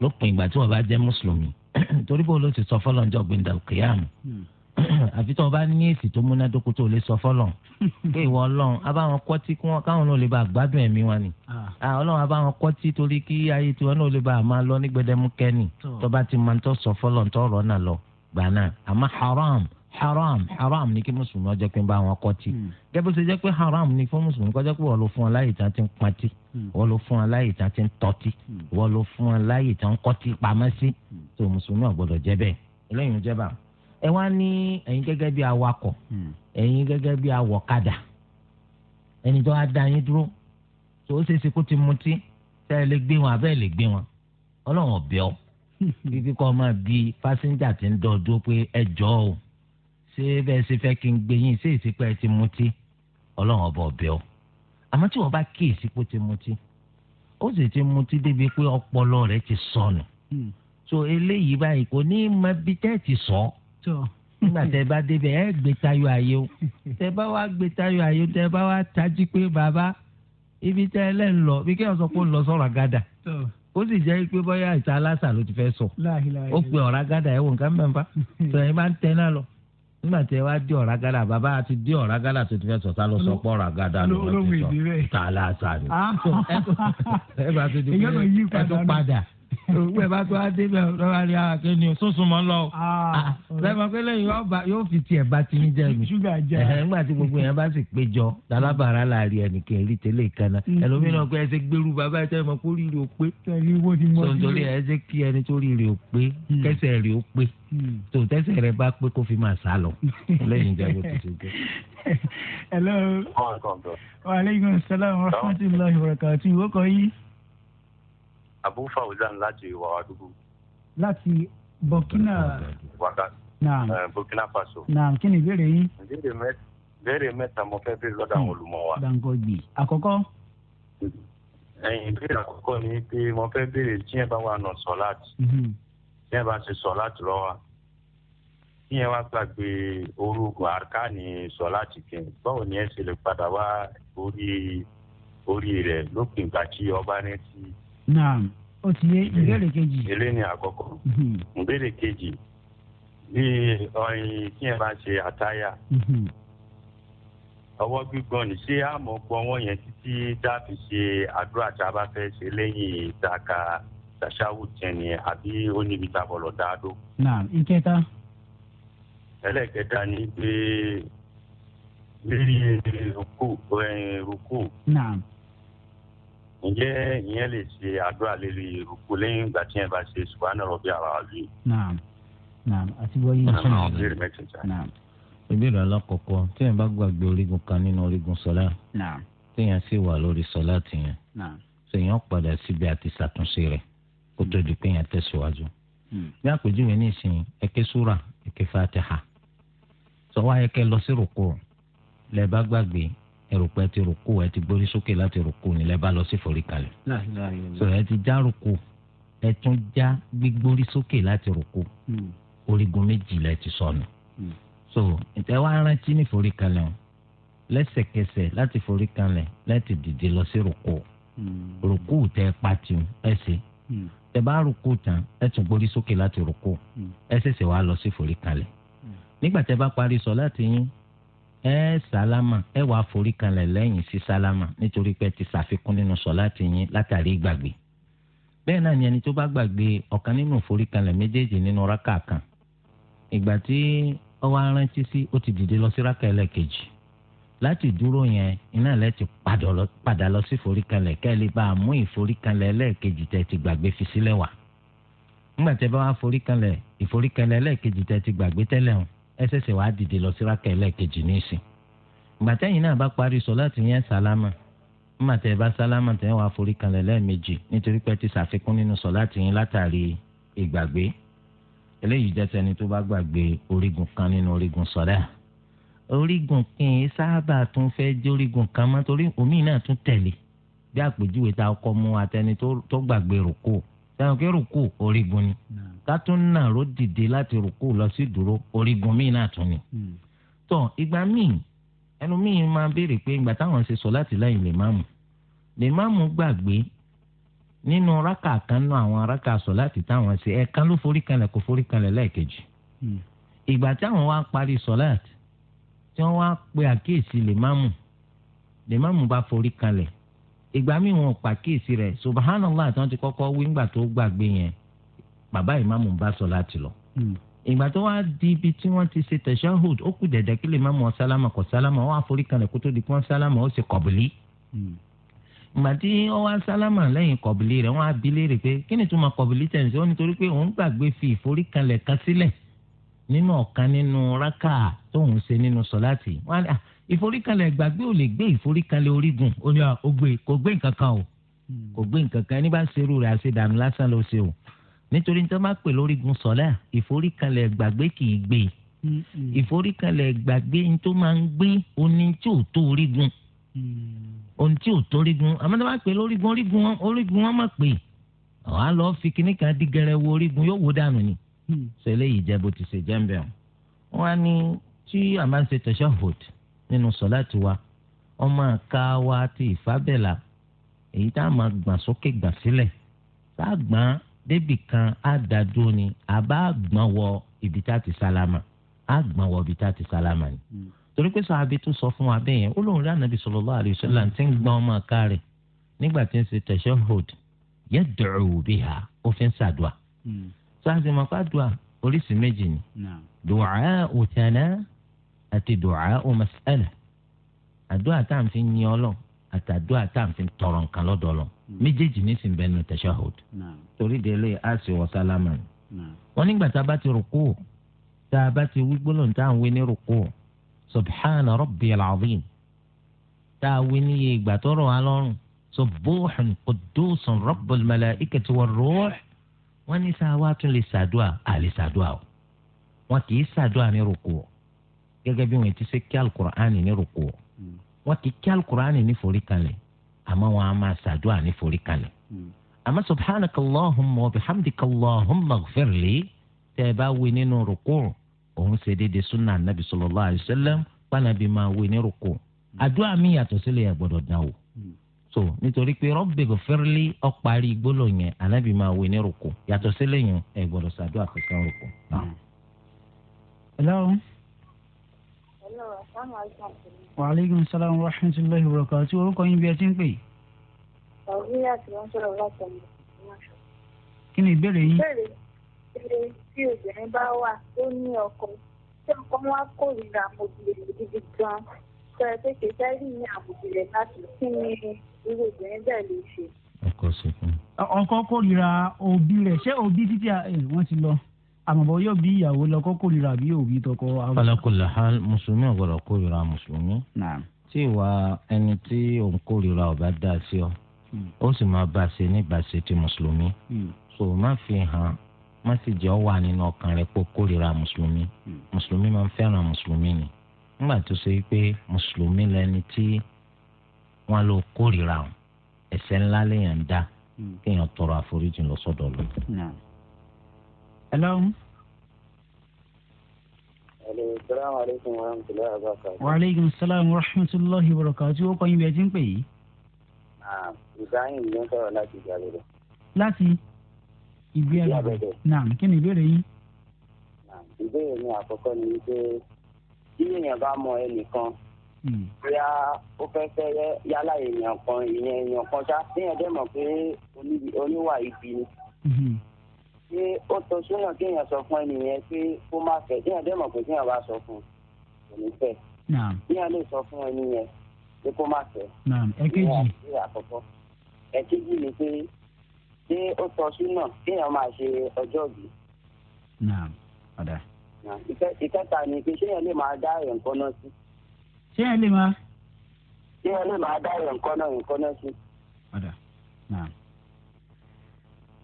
lópin ìgbà tí wọ́n bá jẹ́ mùsùlùmí torí bó ló ti sọ fọlọ́njọ́ gbẹ̀ndàkìyàmù hmm. àfi tí wọn bá ní èsì tó múnádóko tó lè sọ fọlọ pé ìwọ Ọlọ́run abáwọn kọtí káwọn náà lè bá gbádùn ẹ̀mí wọn ni ah. Ah, Ọlọ́run abáwọn kọtí torí kí ayé tiwọn náà lè bá a máa lọ ní gbẹdẹmukẹni tó bá ti máa ń tọ sọ fọlọ ń tọ ọ̀rọ̀ náà lọ gbà náà àmọ́ haram haram haram ni kí mùsùlùmí ọjọ́ pé ń bá wọn kọtí hmm. gẹ́gẹ́ ṣe jẹ́ pé haram ni fún mùsùlùmí kọjá pé wọ́n ló fún wọn láyè tán ti ń patí hmm. wọ́n ló fún wọn láyè tán ti ń tọ́tí hmm. wọ́n ló fún wọn tán ń kọtí pamọ́ tó mùsùlùmí ò gbọ́dọ̀ jẹ́ bẹ́ẹ̀ eléyìí ẹ wá ní ẹ̀yin gẹ́gẹ́ bí awakọ̀ hmm. ẹ̀yin gẹ́gẹ́ bí awọ̀kadà ẹni tó wá da yín dúró tó ó ṣeéṣe kó ti mutí tẹ́ ẹ lè gbé wọn abẹ́ ẹ lè gbé wọn ọlọ́run ọ̀bẹ ọ bíbí kọ́ máa bi pásíńjà ti ń dọ̀dọ̀ pé ẹ jọ o ṣé bẹ́ẹ̀ ṣe fẹ́ kí n gbé yín ṣé èsì pé ẹ ti mutí ọlọ́run ọba ọ̀bẹ ọ àmọ́ tí wọ́n bá kíyèsí pé ti mutí ó sì ti mutí débi pé ọpọlọ rẹ̀ ti sọnù hmm. so eléyìí báyìí kò ní í mọ bí tẹ́ ẹ ti sọ ọ́ tó nígbà tẹ bá débẹ̀ ẹ gbé tayọ àyè o tẹ bá wá gbé tayọ àyè o tẹ bá wá tají pé bàbá ibi tẹ ẹ lẹ ń lọ bí kéèyàn sọ pé ó ń lọ sọ̀rọ̀ àgàdà ó sì jẹ́ pé bóyá ìta aláṣà ló ti fẹ́ sọ ó pe ọ̀rọ̀ àgàdà ẹ̀ wò nǹkan mẹ́fà tó ẹ máa ń tẹ náà lọ nígbà tí ẹ wá dé ọ̀rá gádà bàbá àti dé ọ̀rá gádà tó ti fẹ́ sọ̀tà ló sọ pọ̀ ọ̀rá gádà ló ti sọ tààlà àṣà ni. Ah. ẹ bá tó di pé ẹ tó padà gbogbo ẹ bá tó wá débẹ̀ lọ́wọ́ rí àkè ni sunsun mọ́ lọ. lẹ́mọ̀ ah, pé lẹ́yìn yóò fi tiẹ̀ bá ti yín jẹ́ mi. ṣúgà jẹ́ ẹ̀ ńgbà tí gbogbo yẹn bá sì péjọ lálábàárà láàrin ẹnìkan rí tẹ́lẹ̀ ìkànnà mm-hmm. ẹlòmíràn pé ẹ ṣe gbèrú bàbá ẹ tẹ́ mọ̀ kó rírì ó pé. sọ̀tọ̀lẹ̀ ẹ ṣe kí ẹni tó rírì ó pé mm. kẹsẹ̀ rí ó pé mm. tó tẹ́sẹ̀ rẹ bá pé kó fi máa sá lọ lẹ́yìn ìjà bó ti ṣe jẹ́. hello. wa aleykum salaam wa rahmatulahi wa barakatuh abu fauzan láti wàhálùkù. láti burkina. waka eh, burkina faso. naam kí ni ìbéèrè yín. ìbéèrè mẹ́ta mo fẹ́ bí lọ́dọ̀ àwọn olùmọ̀ wa. gbàǹgọ̀gbì àkọ́kọ́. ẹ̀yin ìbéèrè àkọ́kọ́ ni pé mo fẹ́ béèrè tí yẹn bá wà nà sọ́láàtì. Mm-hmm. tí yẹn bá ṣe sọ́láàtì lọ́wọ́ tí yẹn wá gbàgbé orúkọ àrkáàní sọ́láàtì kẹ́ báwo ni ẹ ṣe lè padà wá orí orí rẹ̀ lópin ìgbà tí ọba rẹ̀ ti naam o ti ye ìbéèrè kejì. èlé ni àkọ́kọ́ mhm. ìbéèrè kejì bí ọyìn tí yẹn bá ṣe àtáyà mhm. ọwọ́ gbígbọ́n ní ṣé àmọ́ gbọ́n wọ́n yẹn títí dá fi ṣe àdúrà tá a bá fẹ́ ṣe lẹ́yìn ìtaka tàṣàwù tiẹ̀ ni àbí ó níbi tá a bọ̀lọ̀ dáadó. naam ìkẹta. ẹlẹ́kẹta ni pé lérí rúkú. Eh, naam ǹjẹ́ ìyẹn lè ṣe àdúrà lérí ìrùkú lẹ́yìn ìgbà tí yẹn bá ṣe subahana rọ̀bì àwọn àbí. naam naam àti wọ́n yìí ṣe ìbéèrè mẹ́tẹ̀ẹ̀ta. naam ìbéèrè alákọ̀ọ́kọ́ tí yẹn bá gbàgbé orígun kan nínú orígun sọ́lá. naam tí yẹn sì wà lórí sọ́lá tìyẹn. naam sèyàn padà síbi àti ṣàtúnṣe rẹ̀ kó tó di pé yẹn tẹ̀síwájú. bí hmm. àpèjúwe ní ìsìn ẹ̀kẹ́ súrà ẹ̀kẹ́ fatiha sọ wá ẹ̀kẹ́ lọ sí rùkú lẹ́ẹ̀ bá ẹrùpẹ ti rùkú ẹ ti gbórí sókè láti rùkú nílẹ̀ bá lọ sí foríkalẹ̀ so ẹ ti já rùkú ẹ tún já gbígbórí sókè láti rùkú hmm. orígun méjì lẹ ti sọnù hmm. so ìtẹ wa rántí ní foríkalẹ̀ o lẹ́sẹ̀kẹsẹ̀ láti foríkalẹ̀ láti dìde lọ sí rùkú hmm. rùkú tẹ pati ẹ ṣe tẹ bá rùkú tán ẹ tún gbórí sókè láti rùkú ẹ ṣẹ̀ṣẹ̀ wá lọ sí foríkalẹ̀ nígbà tẹ bá parí sọ láti yín ẹ sálámà ẹ wàá forí kanlẹ̀ lẹ́yìn sí sálámà nítorí pé ti ṣàfikún nínú sọ̀láàtì yín látàrí ìgbàgbé bẹ́ẹ̀ náà ni ẹni tó bá gbàgbé ọ̀kan nínú forí kanlẹ̀ méjèèjì nínú rákà kan ìgbà tí ó wá rántí sí ó ti dìde lọ sí rákà ẹlẹ́kejì láti dúró yẹn iná lẹ ti padà lọ sí forí kanlẹ̀ kẹ́lẹ́ bá a mú ìforí kanlẹ̀ ẹlẹ́kejì tẹ́ ti gbàgbé fi sílẹ̀ wà ńgbà tẹ́ bá wá forí kanlẹ̀ ìforí kanlẹ̀ ẹlẹ́kejì tẹ́ ti gbàgbé tẹ́lẹ̀ hàn ẹ ṣẹ̀ṣẹ̀ wàá dìde lọ sí rákà ẹlẹ́ẹ̀kejì ní ìsìn gbàtẹ́yìn náà bá parí sọ láti yẹn sálámà nígbà tẹ́ ẹ bá sálámà tẹ́ ẹ wàá forí kanlẹ̀ lẹ́ẹ̀mejì nítorí pé ti ṣàfikún nínú sọ láti yẹn látàrí ìgbàgbé eléyìí jẹ́ tẹni tó bá gbàgbé orígun kan nínú orígun sọ̀rẹ́ orígun kìn ín sábà tún fẹ́ jẹ́ orígun kan mọ́ torí omi náà tún tẹ̀lé bí àpèjúwe ta ọkọ mu atẹni tó gbàgbé rùkú sẹ́wọ̀n kí rùkú orígun ni. Nah tátún nàró dìde láti rúkú lọ sí dúró orígun míì náà tún ni. Hmm. tó ìgbà míì ẹnu míì máa béèrè pé ìgbà táwọn ṣe sọ láti lẹ́yìn lèmáàmù lèmáàmù gbàgbé nínú rákà kan àwọn rákà sọ láti táwọn ṣe ẹ̀ẹ̀kan ló forí kanlẹ̀ kó forí kanlẹ̀ lẹ́ẹ̀kejì. Hmm. ìgbà táwọn wá parí tí wọ́n wá pe àkíyèsí bá forí kanlẹ̀ ìgbà míì wọn pàkíyèsí rẹ̀ subhanallah ti kọ́kọ́ yẹn bàbá ìmáàmù bá sọ láti lọ. Hmm. ìgbà tó wá di ibi tí wọ́n ti ṣe tashahhud ó kù dẹ̀dẹ̀ kí lè máàmù ọ̀sálámà kọ̀ sálámà ó wá forí kanlẹ̀ kó tó di pọ́n sálámà ó sì kọ̀bìlì. Hmm. ìgbà tí ó wá sálámà lẹ́yìn kọ̀bìlì rẹ̀ wọ́n á bi léèrè pé kí ni túmọ̀ kọ̀bìlì tẹ̀sí ó nítorí pé òun gbàgbé fi ìforí kanlẹ̀ kan sílẹ̀ nínú ọ̀kan nínú rákà tóun ṣe nínú sọ̀láàtì wọ́n á ah, ìforíkalẹ̀ gbàgbé ò lè gbé ìforíkalẹ̀ orígun ó ní ah, ó gbé kò gbé nǹkan kan o hmm. kò gbé nǹkan kan ẹni bá ń rẹ̀ àṣedànù lásán ló ṣe o nítorí nítorí máa pè lórígun sọlá ìforíkalẹ̀ gbàgbé kì í gbé ìforíkalẹ̀ gbàgbé ní tó máa ń gbé oní tí ò tó orígun oní mm. tí ò tó orígun àmọ́ tó máa pè lórígun orígun wọn orígun wọn máa pè àwọn lọ fi kíní kan dígẹrẹ wo orígun yóò wo dànù ni mm. sọ eléyìí jẹ bó ti ṣe jẹ ń bẹ wọn á ní tí a máa ń ṣe tashahhud nínú sọlá tiwa ọmọ àka wa ti ìfábẹ́là èyí tá a máa gbà sókè gbà sílẹ̀ tá a gbà á débì kan á dàdúró ni àbá gbọ́n wọ ibi tá a ti sálámà á gbọ́n wọ ibi tá a ti sálámà ni. Hmm. torí pé sàhábí tún sọ fún wa bẹ́ẹ̀ yẹn ó lóun rí ànábì sallallahu alaihi wasallam tí ń gbọ́n ọmọ aká rẹ̀ nígbà tí ń ṣe tashahhud yad'u biha ó fi ń ṣàdùà. Hmm. sáàsì mọ̀ ká dùà oríṣi méjì ni du'a'u thana àti du'a'u mas'ala àdúrà tá à ń fi yin Ọlọ́run àtàdúrà tá à ń fi tọrọ nǹkan lọ́dọ̀ Ọlọ́run méjèèjì ní sìn bẹ́ẹ̀ nù tashahhud torí délé a sì wọ sálámà wọn nígbà tá a bá ti rúkú tá a bá ti wí gbólóhùn tá à ń wí ní rúkú subhana rabbiyal azim tá a wí níye ìgbà tọrọ wa lọ́rùn subuhun qudusun rabbul malaikati war ruh wọn ní sáà tún lè ṣàdúà àlè ṣàdúà o wọn kì í ṣàdúà ní rúkú o bí wọn ti ṣe kí alukur'ani ní rúkú hmm. wọn kì í kí alukur'ani ní forí kalẹ̀ àmọ́ wọn a máa ṣàdúrà ní forí kalẹ̀ hmm. àmọ́ subhanaka allahumma wa bihamdika allahumma ighfirli tẹ́ ẹ bá wí nínú rúkú òun ṣe déédéé sunna anabi sallallahu alayhi wa sallam pànàbí máa wí ní rúkú hmm. àdúrà mi yàtọ̀ sílẹ̀ yà gbọ́dọ̀ dán o hmm. so nítorí pé rabbi ighfirli ọ̀parí gbólóhùn yẹn anabi máa wí ní rúkú yàtọ̀ sílẹ̀ yẹn ẹ gbọ́dọ̀ ṣàdúrà kankan rúkú wa aleykum salaam wa rahmatulahi wa barakatuh orúkọ yín bí ẹ ti ń pè. ọ̀rẹ́ àti wọn sọ̀rọ̀ láti ọ̀nà ìgbìmọ̀. kí ni ìbéèrè yín. ìbéèrè ṣe tí obìnrin bá wà tó ní ọkọ tí ọkọ wa kórìíra àmọ̀bìnrin gidi gan-an sọ ẹ pé kì í fẹ́ rí ní àmọ̀bìnrin láti kí ni irú obìnrin bẹ́ẹ̀ lè ṣe. ọkọ kórìíra òbí rẹ̀ ṣé òbí títí wọ́n ti lọ àmọ̀bọ̀ yóò bí ìyàwó lọ kó kórìíra bí òbí tọkọ. falakola hal mùsùlùmí ọ̀gbọ́dọ̀ kórìíra mùsùlùmí. tí ìwà ẹni tí òun kórìíra ọba dá sí ọ hmm. ó sì máa bá a ṣe nígbàṣe ti mùsùlùmí. Hmm. so má fi hàn má sì jẹ́ ọ wà nínú ọkàn rẹ pé kórìíra mùsùlùmí hmm. mùsùlùmí máa ń fẹ́ràn mùsùlùmí ni nígbà tó ṣe pé mùsùlùmí lẹni tí wọ́n lọ kórìíra ẹ̀ṣẹ̀ ńlá lèèyàn dá kéèyàn tọrọ àforíjì lọ sọ́dọ̀ lọ. Hello. Wa aleykum salaam wa rahmatulahi wa barakatuh. Ó kọ́ yín bí ẹ ti ń pè yìí. Ibrahim ló ń sọ̀rọ̀ láti ìgbà rẹ̀. Láti ìgbé ẹgbẹ́. Náà kí ni ìbéèrè yín? Ìbéèrè mi àkọ́kọ́ ni wípé tí èèyàn bá mọ ẹnìkan hmm. bóyá ó fẹ́ fẹ́ yálà èèyàn kan ìyẹn èèyàn kan ṣá téèyàn dẹ̀ mọ̀ pé oníwà ibi ni. Hmm. ṣé ó tọ́ súnà kéèyàn sọ fún ẹnìyẹn pé kó má fẹ́ kéèyàn mọ̀ pé kéèyàn bá sọ fún kò ní lè sọ fún ẹnìyẹn pé kó má ni pé ṣé ó kéèyàn máa ṣe ọjọ́ ìbí. ìkẹta ni pé lè máa dá ẹ̀ ńkọ́ sí. lè máa. lè máa dá ẹ̀ sí.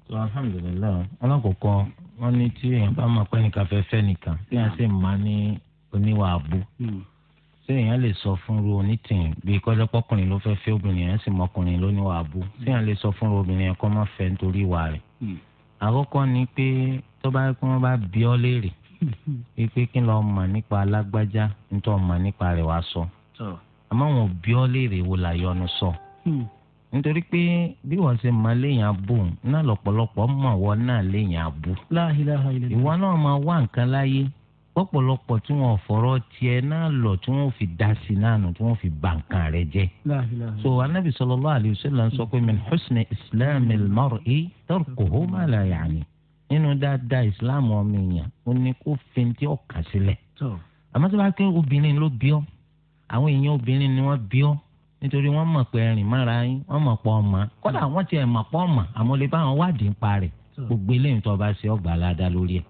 tó alhamdulilayi alákọ̀ọ́kọ́ wọn ní tí èèyàn bá máa pẹ́ nìkan fẹ́ fẹ́ nìkan tí èèyàn sì máa ní oníwà abú hmm. tí èèyàn lè sọ fún ru onítìyìn bíi kọ́jọ́ pọ́kùnrin ló fẹ́ fẹ́ obìnrin yẹn sì mọkùnrin lóníwà abú hmm. tí èèyàn lè sọ fún ru obìnrin yẹn kó má fẹ́ nítorí ìwà rẹ̀ hmm. àkọ́kọ́ ni pé tó bá kí wọ́n bá bí ọ léèrè pé kí lọ́ọ́ mọ̀ nípa alágbájá nítorí mọ̀ nípa rẹ̀ wá sọ àmọ́ wọn bí ọ léèrè wo làyọnu sọ nítorí pé bí wọ́n ṣe máa léèyàn abú náà lọ́pọ̀lọpọ̀ mọ̀ wọ́n náà léèyàn abú. ìwọ náà máa wá nǹkan láyé pọ̀pọ̀lọpọ̀ tí wọ́n fọ̀rọ̀ tiẹ̀ náà lọ tí wọ́n fi dá sí náà nù tí wọ́n fi bà nǹkan rẹ̀ jẹ́. so anabi sallallahu alayhi wa sallam sọ pé min husni islamil mar'i tarkuhu ma la ya'ni nínú dáadáa islam ọmọ èèyàn ó ní kó fintí ọkà sílẹ̀. àmọ́ tí wọ́n obìnrin ló bí ọ́ àwọn èèyàn obìnrin ni wọ́n bí ọ́ nítorí wọ́n mọ̀ pé ẹ̀rìn mára yín wọ́n mọ̀ pọ̀ ọ̀mà kódà hmm. wọ́n ti ẹ mọ̀ pọ̀ ọ̀mà àmọ́ lè bá wọn wádìí ń hmm. gbogbo eléyìí tó bá ṣe ọgbà aládá lórí ẹ̀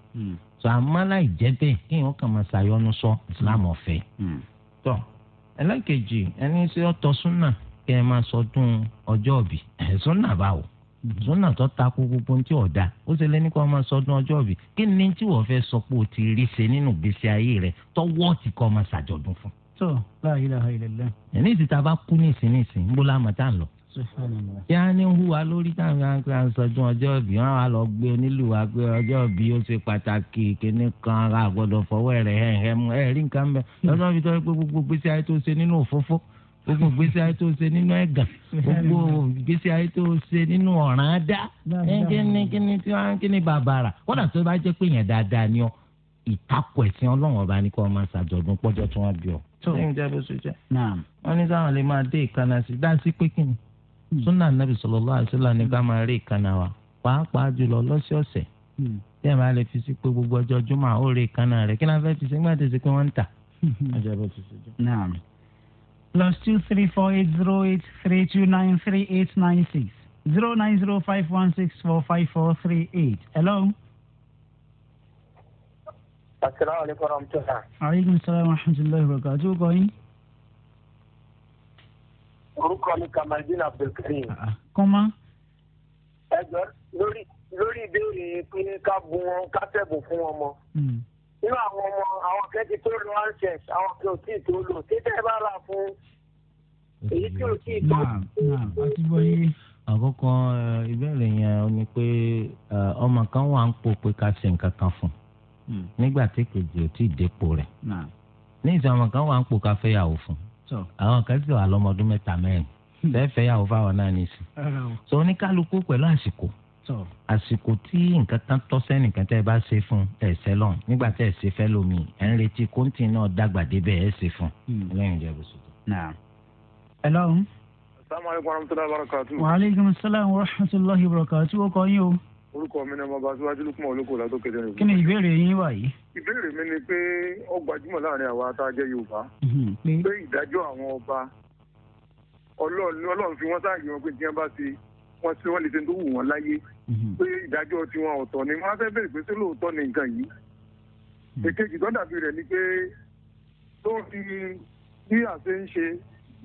tó hmm. àmọ́ láì jẹ́ bẹ́ẹ̀ kí wọ́n kàn máa ṣàyọnu sọ Islam ọ̀fẹ́. tó elekeji ẹni tí ó súnà kẹ́ ẹ máa sọdún ọjọ́ òbí súnà báwo súnà tó gbogbo tí ó ṣe máa sọdún o ti rí ṣe nínú ayé rẹ tó la ilaha illallah. ẹni ìsìta bá kú ní ìsìn ní ìsìn ń bó láàmú tá à ń lọ. kí á ní hùwà lórí táwọn kan sọdún ọjọ́ ìbí wọn á lọ gbé onílù wa pé ọjọ́ ìbí ó ṣe pàtàkì kíní kan ara àgbọ̀dọ̀ fọwọ́ rẹ̀ hẹ̀hẹ̀ mu ẹ̀ rí nǹkan bẹ́ẹ̀ lọ́dọ̀ fi tọ́ pé gbogbo gbèsè ayé tó ṣe nínú òfófó gbogbo gbèsè ayé tó ṣe nínú ẹ̀gàn gbogbo gbèsè ayé tó ṣe nínú ọ̀ràn dá kíni kíni tí wọ́n kíni bàbàrà kódà tó bá jẹ́ pé yẹn dáadáa ni ọ ìtakò ẹ̀sìn ọlọ́run ọba ni kò máa ṣàjọ̀dún pọ́jọ́ tí wọ́n bí ọ ṣé ń jẹ́ bó ṣe jẹ́ wọ́n ní sáwọn lè máa dé ìkànnà sí dáńsí pé súnà nàbì hmm. sallallahu alaihi wasallam ní ká máa rí ìkànnà wa pàápàá jùlọ lọ́sọ̀ọ̀sẹ̀ hmm. tí ẹ̀ máa lè fi sí pé gbogbo ọjọ́ jùmọ̀ ó rí ìkànnà rẹ̀ kí náà fẹ́ fi sí gbàdé sí pé wọ́n ń tà. Hmm. plus two three four eight zero eight three two nine three eight nine six zero nine zero five one six four five four three eight hello asalaamualeykum rahmatulah. aleykum salaam wa rahmatulah ibrahima àti orúkọ yín. orúkọ mi kamaldin abdulkareem. Ah, ah. kọ́má. ẹ jọ lórí lórí ìbéèrè pé ká bu wọn ká tẹ̀bù fún wọn mọ́. Hmm. nínú àwọn ọmọ àwọn kẹ́kẹ́ tó lo ansẹ̀s àwọn kí o tí ì tó lò títẹ̀ bá rà fún èyí tí o tí ì tó. àkọ́kọ́ eh, ìbéèrè yẹn ni pé eh, ọmọ kan wà ń pò pé ká ṣe nǹkan kan fún un Hmm. nígbà tí kejì ò tí ì dépò rẹ̀ ní ìsọ àwọn kan wà ń pò ká fún àwọn kan sì wà lọ́mọdún mẹ́ta mẹ́rin bẹ́ẹ̀ hmm. fẹ́yàwó fáwọn náà nìsí sọ oníkálukú pẹ̀lú àsìkò àsìkò tí nǹkan kan tọ́ sẹ́nìkan tẹ́ ẹ bá ṣe fún ẹ nígbà tẹ́ ẹ ṣe fẹ́ lómi ń retí kóńtì náà dàgbà débẹ̀ ẹ ṣe fún hmm. wọ́n kọ́ yín o. orúkọ mi ni ọmọ ọba síwájú lókùnmọ̀ olóko látó kéde nìbò. kí ni ìbéèrè yín wà yìí. ìbéèrè mi ni pé ó gbajúmọ̀ láàrin àwa tá a jẹ́ yorùbá mhm, pé ìdájọ́ àwọn ọba ọlọ́run fi wọ́n sáàyè wọn pé tí wọ́n bá ti wọ́n ti wọ́n lè ṣe tó wù wọ́n láyé mhm. pé ìdájọ́ tiwọn ọ̀tọ̀ ni wọ́n á fẹ́ bèrè pé ṣé lóòótọ́ ni nǹkan yìí. Mhm. èkejì tó dàbí rẹ̀ ni pé tó fi bí àṣẹ ń ṣe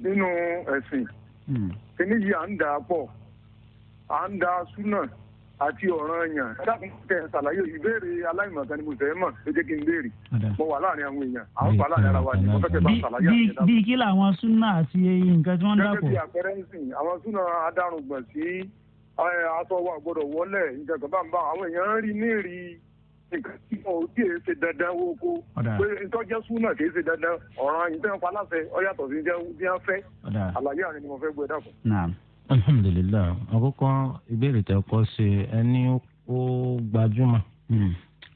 nínú ẹ̀sìn kìnnìyí à ń dà á pọ̀ à ń dà á súnà àti ọ̀ràn èèyàn dákúntẹ ṣàlàyé ìbéèrè aláìmọ̀kan ni mo fẹ́ mọ̀ ló jẹ́ kí n béèrè mo wà láàrin àwọn èèyàn àwọn wà láàrin ara wa ni mo fẹ́ kẹ́ bá ṣàlàyé àti ẹ̀dá. kí làwọn súnà àti nǹkan tí wọ́n gẹ́gẹ́ bí àpẹẹrẹ ń sìn àwọn súnà adarùngbọ̀n sí aṣọ wa wọlé nǹkan kan bá ń bá àwọn èèyàn ń rí ní nǹkan tí ò tí ì ṣe dandan pé alhamdulilayi àkọ́kọ́ ìbéèrè tẹ́ kọ́ ṣe ẹni ó gbajúmọ̀ hmm.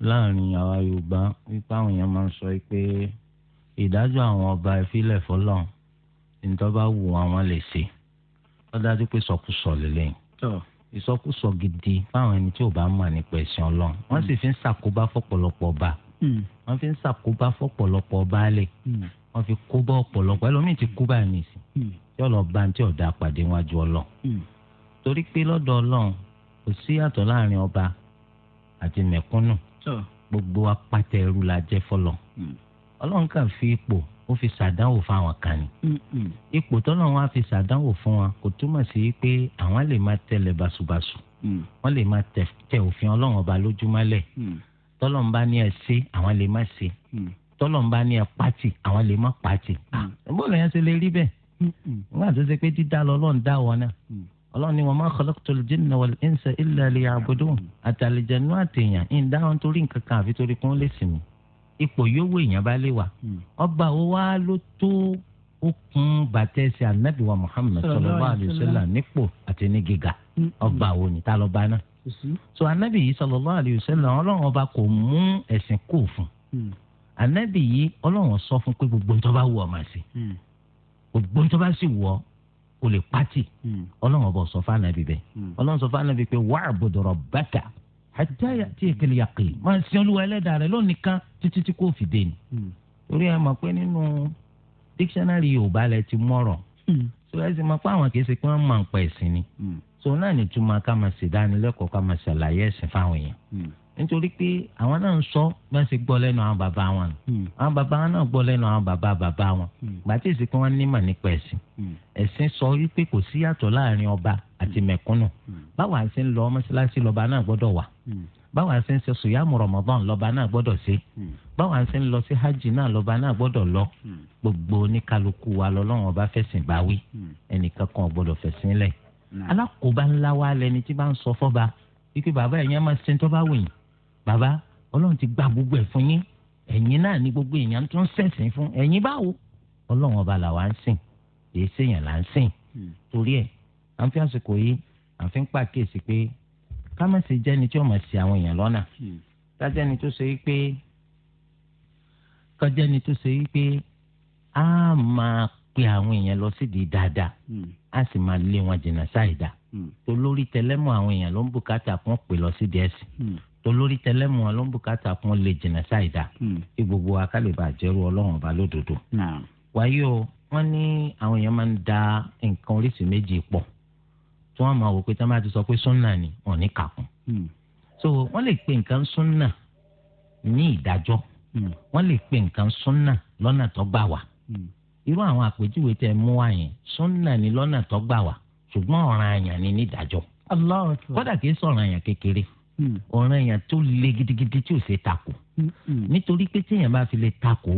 láàrin àwa yorùbá wípé àwọn èèyàn máa ń sọ pé ìdájọ́ àwọn ọba ìfilẹ̀ fọlọ́ ìtọ́ba wù àwọn lè ṣe ó dájú pé sọkúsọ lélẹ̀ ìsọkúsọ gidi fáwọn ẹni tí ò bá mọ̀ nípa ẹ̀sìn ọlọ́run wọ́n sì hmm. fi ń ṣàkóbá fọ́pọ̀lọpọ̀ ọba hmm. wọ́n fi ń ṣàkóbá fọ́pọ̀lọpọ̀ ọba lẹ̀ wọ́n fi kóbá ọ̀pọ̀lọpọ̀ ẹlòmíì ti kóbá ẹ̀ nìsín yóò lọ bá tí ọ̀dà pàdé wájú ọlọ́run hmm. torí pé lọ́dọ̀ ọlọ́run kò sí yàtọ̀ láàrin ọba àti mẹ̀kúnnù gbogbo apátẹ ẹrú la jẹ́ fọlọ́ hmm. ọlọ́run kàn fi ipò ó fi ṣàdánwò fáwọn kan ni hmm, ipò tọ́lọ́run á fi ṣàdánwò fún wa kò túmọ̀ sí pé àwọn lè máa tẹ̀lé basubasu wọ́n lè máa tẹ̀ òfin ọlọ́run ọba lójúmọ́lẹ̀ tọ́lọ́run bá ní ẹ ṣe àwọn lè má ṣe tọ́lọ́run bá ní ẹ pàtì àwọn lè má pàtì ah, bó lóyún ṣe lè rí bẹ́ẹ̀ nígbà tó ṣe pé dídá lọ ọlọ́run dá wọn náà ọlọ́run ni wa ma khalaqtul jinna wal insa illa liya'budun àtàlìjẹ̀nú àtẹ̀yàn ń dá wọn torí nǹkan kan àfi torí kí wọ́n lè sìn mí ipò yówó èèyàn bá lè wà hmm. ọba wo wá ló tó okùn bàtẹ́sì ànábì wa Muhammad sallallahu alaihi wasallam nípò àti ní gíga hmm. ọba wo ni tá lọ bá náà so ànábì yìí sallallahu alaihi wasallam ọba kò mú ẹ̀sìn kó fún hmm. ànábì yìí ọlọ́run sọ fún pé gbogbo ń bá wù ọ́ máa ṣe ògbón tó bá sì wọ o lè pati hmm. ọlọ́run ọba sọ fún anabi bẹ́ẹ̀ hmm. ọlọ́run sọ fún anabi pé wa'budu rabbaka hatta ya'tiyakal yaqin máa sin olúwa ẹlẹ́dàá rẹ lónìí kan títí tí kò fi dé ni hmm. torí ẹ mọ̀ pé nínú dictionary yorùbá lẹ ti mọ̀rọ̀ tó ẹ sì mọ̀ pé àwọn kìí ṣe pé wọ́n máa ń pa ẹ̀sìn ni tó náà ní ká máa ṣèdánilẹ́kọ̀ọ́ ká máa ṣàlàyé ẹ̀sìn fáwọn èèyàn nítorí pé àwọn náà ń sọ bí wọ́n ṣe gbọ́ lẹ́nu àwọn bàbá wọn hmm. àwọn bàbá wọn náà gbọ́ lẹ́nu àwọn bàbá bàbá wọn hmm. gbàtí èsì pé wọ́n nímọ̀ nípa ẹ̀sìn hmm. ẹ̀sìn sọ wípé kò sí yàtọ̀ láàrin ọba àti mẹ̀kúnnù báwa ṣe ń lọ mọ́ṣáláṣí lọ́ba náà gbọ́dọ̀ wà báwa ṣe ń ṣe sùyàmù Ramadan lọ́ba náà gbọ́dọ̀ ṣe báwa ṣe ń lọ sí hajj náà lọ́ba náà gbọ́dọ̀ lọ gbogbo oníkálukú wa lọ́lọ́run ọba fẹ̀sìn báwí ẹnìkan kan gbọ́dọ̀ bàbá ẹ̀yẹn máa ṣe ń tọ́ bá wòyìn baba ọlọ́run ti gba gbogbo ẹ̀ fún yín ẹ̀yin náà ni gbogbo èèyàn tó ń ṣẹ̀sìn fún ẹ̀yin báwo ọlọ́run ọba làwa ń sìn èyí sèèyàn là ń sìn hmm. torí ẹ̀ à ń fi àsìkò yìí à ń fi ń pàkíyèsí pé ká má ṣe jẹ́ni tí ó máa ṣì àwọn èèyàn lọ́nà hmm. ká jẹ́ni tó ṣe wípé ká jẹ́ni tó ṣe wípé á máa pe àwọn èèyàn lọ sídìí dáadáa á hmm. sì máa lé wọn jìnnà sáìdá tó lórí tẹlẹ́mù àwọn èèyàn ló ń bùkátà kún pè lọ sídìí ẹ̀sìn tolórí tẹlẹmù wọn ló ń bùkátà kún lè jìnnà ṣàìdá hmm. kí gbogbo akálèbà jẹrú Ọlọ́run ọba lódodo. wáyé o wọn ní àwọn èèyàn máa ń da nǹkan oríṣi méjì pọ̀ tí wọn máa wò pé tí wọn bá ti sọ pé súnà ni wọn ní kàkún. Hmm. so wọn lè pe nǹkan súnà ní ìdájọ́ hmm. wọn lè pe nǹkan súnà lọ́nà tó gbà wá irú àwọn àpèjúwe tẹ mú wá súnà ni lọ́nà tó gbà wá ṣùgbọ́n ọ̀ràn àyàn ni nídàájọ́ kódà Hmm. ọ̀ràn èèyàn tó le gidigidi tí ò ṣe takò hmm, hmm. nítorí pé téèyàn bá fi lè takò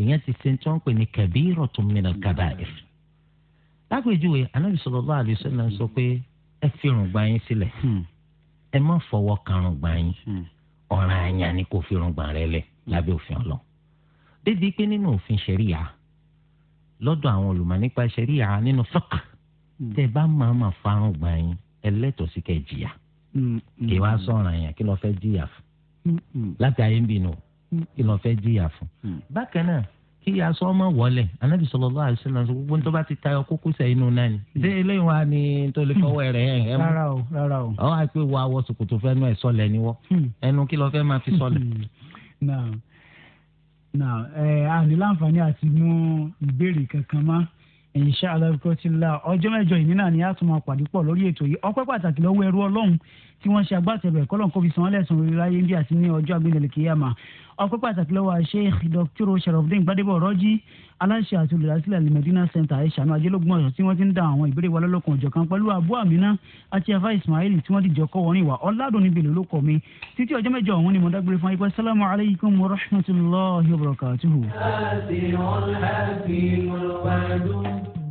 èèyàn ti ṣe tí wọ́n ń pè ní kabiratun minal kabair. lápèjúwe anábì sallallahu alaihi wasallam sọ pé ẹ fi rùngbà yín sílẹ̀ ẹ má fọwọ́ kan rùngbà yín ọ̀ràn èèyàn ni kò fi rùngbà rẹ lẹ̀ lábẹ́ òfin ọlọ́ débi pé nínú òfin ṣẹ̀ríyà lọ́dọ̀ àwọn olùmọ̀ nípa ṣẹ̀ríyà nínú fọ́ọ̀kà tẹ́ ẹ bá máa máa farùngbà yín ẹlẹ́tọ̀ọ́ sí kẹ́ Mm, mm, kì í wá mm. sọ̀ràn yẹn kí lọ́ọ́ fẹ́ jìyà fún láti ayé ń bì nù kí lọ́ọ́ fẹ́ jìyà fún. bákan náà kí aṣọ ọmọ wọlé anabi sọlọ lọ àìsàn náà sọ gbogbo nítorí bá ti tayọ kókó sẹ́yìn nù náà ni. ṣé eléyìí wá ní nítorí fọwọ́ rẹ̀ ẹ̀ ẹ̀ mú. rárá o rárá o. àwọn àìpé wo awọ sòkòtò fẹ́ nu ẹ̀ sọlẹ̀ ni wọ́ ẹnu kí lọ́ọ́ fẹ́ máa fi sọlẹ̀. náà náà ẹ àní láǹfààní àti mú ìbéèrè kankan máa insha Allah kò tí la ọjọ́ mẹ́jọ ìní náà ni a tún máa pàdé pọ̀ lórí ètò yìí ọpẹ́ pàtàkì lọ́wọ́ ẹrú ọlọ́run tí wọ́n ṣe agbátẹrù ẹ̀ kọ́lọ́n kó fi san ẹlẹ́sùn orí láyé bí àti ní ọjọ́ agbẹ́nìlẹ̀ kìyàmà ọpẹ́ pàtàkì lọ́wọ́ Sheikh Dr. Sharafdin Gbadebo Rọ́jí aláṣẹ àti olùdásílẹ̀ alimẹ̀dínà center aishanu ajẹ́lógún ọ̀sán tí wọ́n ti ń da àwọn ìbéèrè wa lọ́lọ́kan ọ̀jọ̀ kan pẹ̀lú abu amina àti afa ismail tí wọ́n ti jọ kọ́ wọn ìwà ọ̀làdùn níbi ìlú mi títí ọjọ́ mẹ́jọ ọ̀hún ni mo dágbére fún ayípa sálámù alaykum rahmatulahi wa barakatuhu.